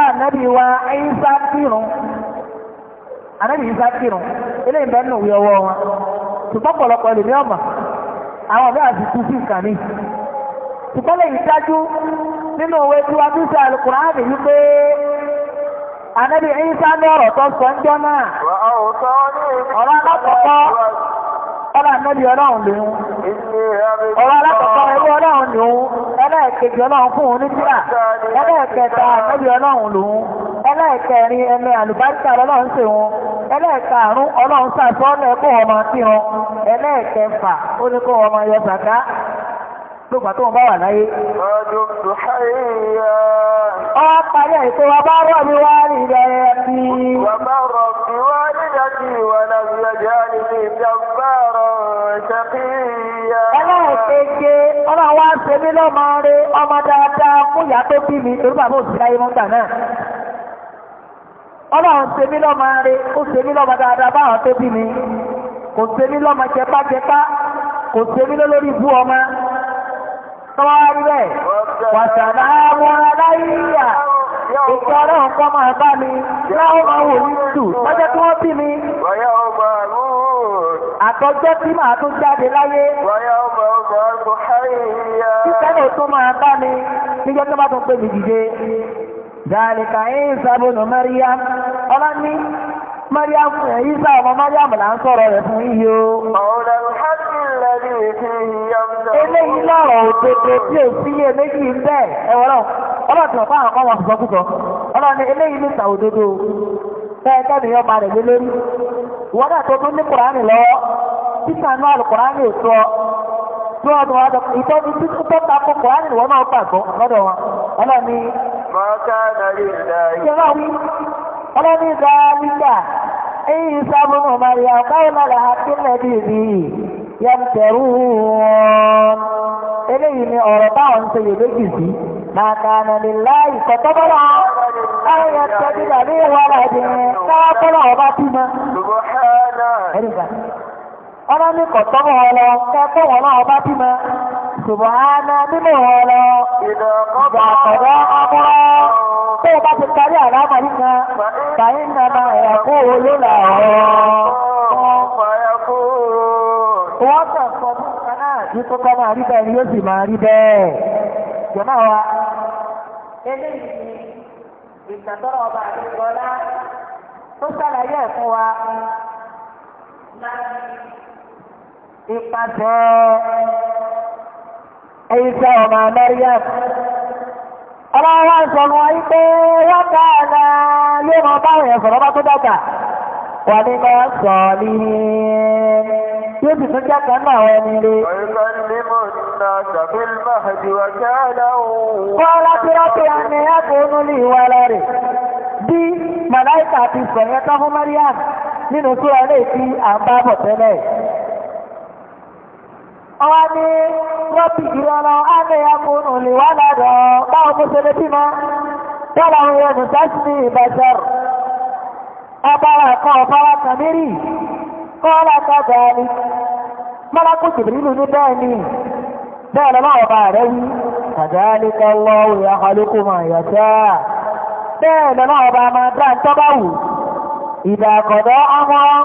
pa ànábì wa ẹ̀yìnsá kírun ànábì yìí sá kírun eléyìí bẹ́ẹ̀ nù wí ọwọ́ wọn ṣùgbọ́n pọ̀lọpọ̀ lèmi ọ̀mà àwọn ọ̀dọ́ àti kú sí nǹkan mi ṣùgbọ́n lè yìí dájú nínú òwe tí wọ́n ti sọ ànábì ọlọ́run lòun ọ̀rọ̀ alákọ̀ọ́kọ́ ẹgbẹ́ ọlọ́run lòun ẹlẹ́ẹ̀kejì ọlọ́run fún òun ní tíra ẹlẹ́ẹ̀kẹta ànábì ọlọ́run lòun ẹlẹ́ẹ̀kẹrin ẹni àlùbáríkà ọlọ́run ṣe wọn ẹlẹ́ẹ̀karùn ọlọ́run sàṣọ ọ̀nà ẹ̀kọ́ ọmọ tí wọn ẹlẹ́ẹ̀kẹfà ó ní kó ọmọ yọ sàká lópa tó ń bá wà láyé. ọ parí ẹ̀ pé wà bá rọ̀ mi wá rí rẹ̀ bí. wà bá rọ̀ عبادي ولم يجعلني جبارا شقيا ọlọ́run kéje ọlọ́run wá ṣe mí lọ́mọ rẹ ọmọ dáadáa fún ìyá tó bí mi torí bàbá òsì láyé mọ́tà náà ọlọ́run ṣe mí lọ́mọ rẹ ó ṣe mí lọ́mọ dáadáa báwọn tó bí mi kò ṣe mí lọ́mọ jẹpájẹpá kò ṣe mí lórí ibú ọmọ tọ́wọ́ bẹ́ẹ̀ wàṣà náà wọ́n aláyíyà. Ìgbà ọ̀rọ̀ nǹkan máa bá mi láwọn máa wò ní tù lọ́jọ́ tí wọ́n bí mi. Àtọ́jọ́ tí màá tún jáde láyé. Kíkẹ́nì tó máa bá mi níjọ́ tó bá tún pè mí dìde. Dàlìkà ń sábọ̀nù Mẹ́ríyá. Ọlá ní Mariam ẹ̀yí ọmọ Mariam là ń sọ̀rọ̀ rẹ̀ fún yíyí o. Eléyìí lọ́rọ̀ òdodo tí ò sí iye méjì ń bẹ̀ ẹ̀wọ̀n náà. ti wọ̀ fáwọn ọmọ ọ̀sùn sọ́kùsọ. Ọlọ́run ni eléyìí ní òdodo. Bẹ́ẹ̀ kẹ́mi yọ ba rẹ̀ lé lórí. Ìwọ́n náà tó tún ní Kùránì lọ́wọ́. Títà náà lù Kùránì ètò ọ. Tí wọ́n ti wọ́n ìtọ́jú títún tó takò Kùránì ìwọ́n náà gbàgbọ́ lọ́dọ̀ wọn. Ọlọ́run ni. Mọ̀ọ́ká ọlọ́ni dáríkà èyí sábùnù màríà káyọ̀mọ́ làákí lẹ́bí rí yẹmtẹ̀rú wọn. eléyìí ni ọ̀rọ̀ táwọn ń ṣe yèméjì sí máa ka nàlè láì kọ̀tọ́bọ́lá láì yẹ tẹ́bí làbí ìwọ́lá ẹ̀dẹ̀ káwọ́kọ́lá ọba bímọ. ọlọ́ni kọ̀tọ́bọ̀ ọlọ kẹ́kọ̀ọ́ wọn náà ọba bímọ. ṣùgbọ́n á ná nínú ọlọ ìdàkọ̀dọ̀ ọmọ bá ti parí àlámà nípa báyìí ń nàbà ẹ̀yàkó olóòlà ọ̀rọ̀. Wọ́n kàn sọ nípa náà ní tó kọ́ máa rí bẹ́ẹ̀ ni yóò sì máa rí bẹ́ẹ̀. Jọ̀mọ́ wa, eléyìí ìtàtọ́rọ̀ ọba àdúgbọ́lá tó sàlàyé ẹ̀ fún wa ìpàdé ẹ̀yìn sọ ọmọ Amẹ́ríyàmù ọlọ́wọ́ sọ̀rọ̀ wọn yí pé wọ́n ká ẹ̀nà yé mọ báwọn yẹn sọ̀rọ̀ bá tó dàgbà wà ní mọ sọ̀ ní yóò sì tún jẹ́kẹ̀ náà wọ́n ní ilé. wọ́n láti rọ́pì àmì ẹ̀kọ́nú lè wà lọ́rẹ̀ bí màláìkà ti sọ̀yẹ́ tán fún Mariam nínú súra lè ọwá ní wọ́n ti jùlọ lọ ámì akúnnù lè wá lọ́dọ̀ báwọn kó ṣe lè bí mọ́ tọ́lá àwọn èèyàn ní sáṣìmì ìbẹ̀sẹ̀ ọba wa kan ọba wa kan mérì kọ́lá kọjá ni mọ́lákù jìbìrìlù ní bẹ́ẹ̀ ni bẹ́ẹ̀ lọ́wọ́ ọba rẹ̀ wí kàdáníkà lọ́wọ́ ìyá halukú máa bẹ́ẹ̀ lọ́wọ́ ọba máa dá ń ìdàkọ̀dọ̀ àwọn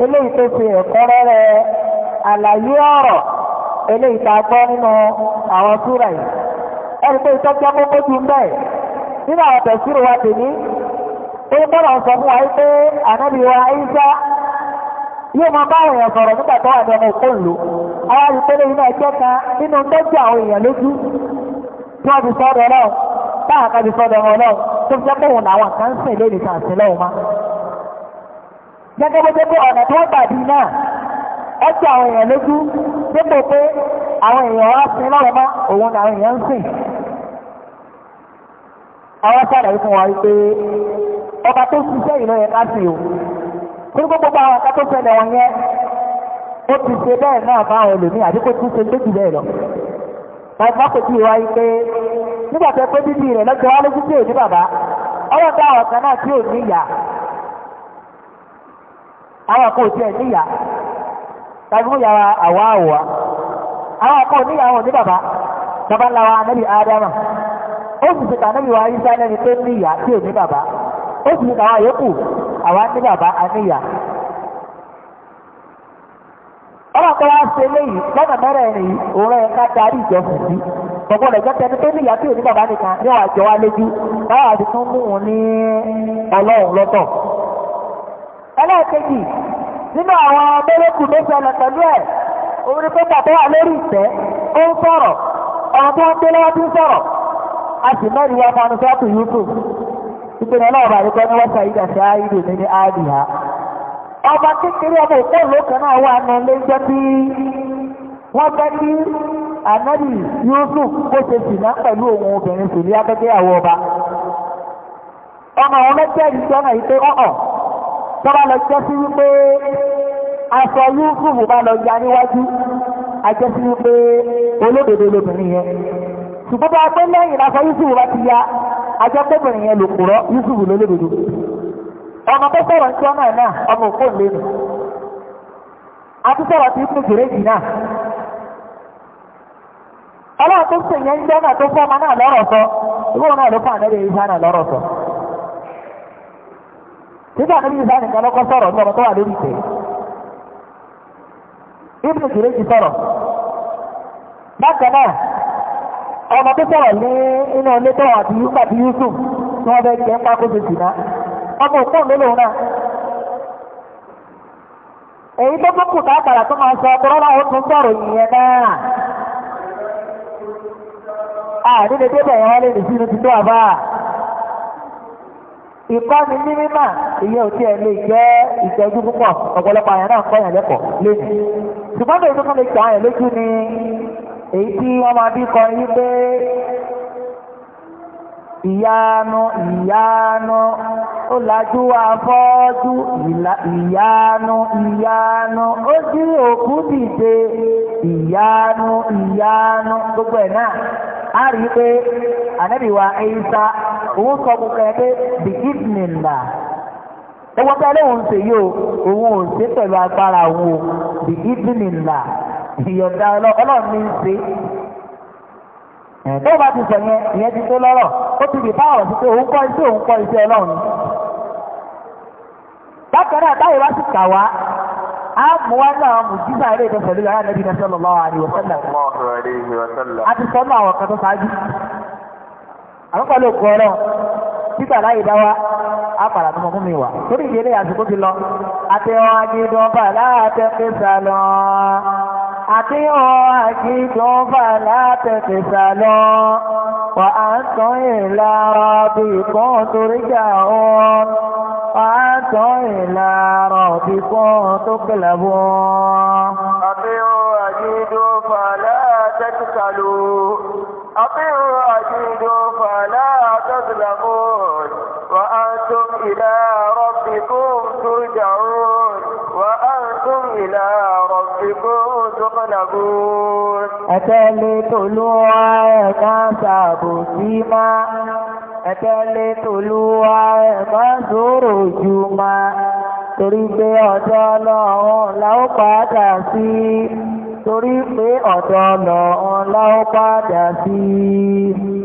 eléyìí tó fi ẹ̀kọ́rẹ́rẹ́ àlàyé ọ̀rọ̀ eléyìí tá a gbọ́ nínú àwọn súra yìí ẹni pé ìtọ́jú akókó ti ń bẹ̀ nínú àwọn tẹ̀síro wa tèmi pé bọ́lá ń sọ fún wa pé ànábì wa Ìsá yóò máa bá àwọn èèyàn sọ̀rọ̀ nígbà tó wà ní ọmọ òkòlù àwọn àdìpẹ́lẹ́ yìí náà jẹ́ kan nínú tọ́jú àwọn èèyàn lójú tí wọ́n fi sọ́dọ̀ náà táwọn kan sọ́dọ̀ wọn tó fi jẹ́ pé òun làwọn kan lónìí tàǹsìn lọ́wọ́ máa. gẹ́gẹ́ bó ṣe pé ọ̀nà tó náà ọjọ́ àwọn èèyàn lójú dípò pé àwọn èèyàn wá sin lọ́wọ́ mọ́ òun làwọn èèyàn ń sìn. àwọn sàlàyé fún wa pé ọba tó ṣiṣẹ́ ìlú yẹn láti o kí gbogbo àwọn ọ̀gá tó ṣẹlẹ̀ wọn yẹn ó ti ṣe bẹ́ẹ̀ náà ṣe bẹ́ẹ̀ lọ pé nígbà tó pé bíbí rẹ̀ lọ́jọ́ wá lójú àwọn kan ò tiẹ̀ níyà tàbí wọ́n yàrá àwa àwòwá àwọn kan ò níyà ní bàbá bàbá ńlá wa anábì ó sì ṣe tànábì wa ayé sáyẹn lẹ́ni pé níyà tí ò ní bàbá ó sì ṣe tàwa yòókù àwa ní bàbá aníyà. ọ̀rọ̀ kan wá ṣe léyìí lọ́nà mẹ́rẹ̀ẹ̀rin òun ẹ̀ ká darí sí tẹni tó tí ò ní bàbá nìkan ní lójú báwa ẹlẹ́ẹ̀kejì nínú àwọn mẹ́lẹ́kù tó ṣẹlẹ̀ pẹ̀lú ẹ̀ òun ni pé wà lórí ìtẹ́ ó ń sọ̀rọ̀ ọ̀rọ̀ tó ń gbé lọ́wọ́ tí ń sọ̀rọ̀ a sì mẹ́rin na fanu sọ́ọ̀tù yusuf ìpinnu ọlọ́ọ̀bà àdúgbò ni wọ́n ṣe ìdà ṣe àìdè ní ní àdìhà ọba kékeré ọmọ òkú òlókan náà wà nù lé jẹ́ bí wọ́n fẹ́ kí ànábì yusuf kó ṣe sì pẹ̀lú òun obìnrin tọ́ba lọ jẹ́ sí wípé aṣọ ma lọ ya níwájú ajẹ́sí wípé yẹn ṣùgbọ́n bá a pé lẹ́yìn lásọ yúkúfù bá ti ya ajẹ́pẹ́bìnrin yẹn ló kúrọ́ yúkúfù lólódodo ọmọ tó sọ̀rọ̀ ń tí náà ọmọ òkú sọ̀rọ̀ gèrèjì náà ọlọ́run tó ń sèyẹn ń tó fọ́ ọmọ náà lọ́rọ̀ sọ ìwọ́n náà títí àti ìgbà nìkan lọ́kọ́ sọ̀rọ̀ tó wà lórí ibùdó ti sọ̀rọ̀ bákan náà ọmọ tó sọ̀rọ̀ ní inú ilé tó wà ti tí wọ́n fẹ́ jẹ́ pákó ṣe sì náà ọmọ òkú lélòó náà èyí tó tó kù káàkàrà tó máa sọ ọkùnrin náà ó tún sọ̀rọ̀ ìyẹn náà lè sínú ìkọ́ni ní mímà ìyẹn ò tiẹ̀ lè jẹ́ ìtẹ́jú púpọ̀ ọ̀pọ̀lọpọ̀ àyàn náà kọ́yàn lẹ́kọ̀ọ́ lẹ́nu ṣùgbọ́n bẹ́ẹ̀ tó kọ́ lè jẹ́ àyàn lójú ni èyí tí wọ́n máa bí kọrin wípé ìyanu ìyanu ó lajú afọ́jú ìyanu ìyanu ó jí òkú dìde ìyanu ìyanu gbogbo ẹ̀ náà. a rí i wa so òun sọ gbogbo ẹ the evening na gbogbo pé ẹlẹ́wọ̀n ń ṣe yìí o òun ò ṣe pẹ̀lú agbára the evening na ìyọ̀dá ọlọ́run ní í ṣe tó bá ti sọ yẹn ìyẹn ti tó ti di báwọ̀ sí pé òun kọ́ iṣẹ́ òun kọ́ a mú wá náà mùjísà eré ìtọ́sẹ̀ lórí aráàlú ẹbí nẹ́sẹ̀ lọ́wọ́ a ti sọ náà àwọn kan tó ṣáájú. ló kọ ọ títà láyé dá wa tó mọ mi wá. torí ìdílé àsìkò ti lọ àtẹwọn agídọ́ bàlá àtẹkẹsà lọ́ọ́ àti wọn àti tó fàlà tẹ̀sí sàlọ́ wà á tán ìlara bí kan torí jà wọn wà á tán ìlara bí kan tó kẹlẹ̀ wọn. àti يغلبون أتلي طلوع كسب سيما أتلي طلوع كسر جمع torí pé ọ̀dọ̀ ọlọ́run láó padà sí torí pé ọ̀dọ̀ ọlọ́run láó padà sí.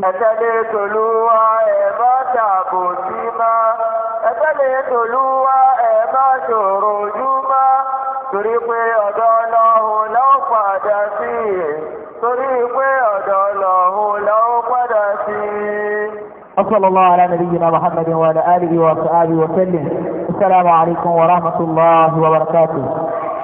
ẹ̀tẹ́lẹ̀ tòlúwa ẹ̀bá tàbò sí máa ẹ̀tẹ́lẹ̀ tòlúwa ẹ̀bá ṣòro jú máa torí pé ọ̀dọ̀ ọlọ́run ló padà sí torí pé ọ̀dọ̀ ọlọ́run ló padà sí. وصلى الله على نبينا محمد وعلى اله وصحبه وسلم السلام عليكم ورحمه الله وبركاته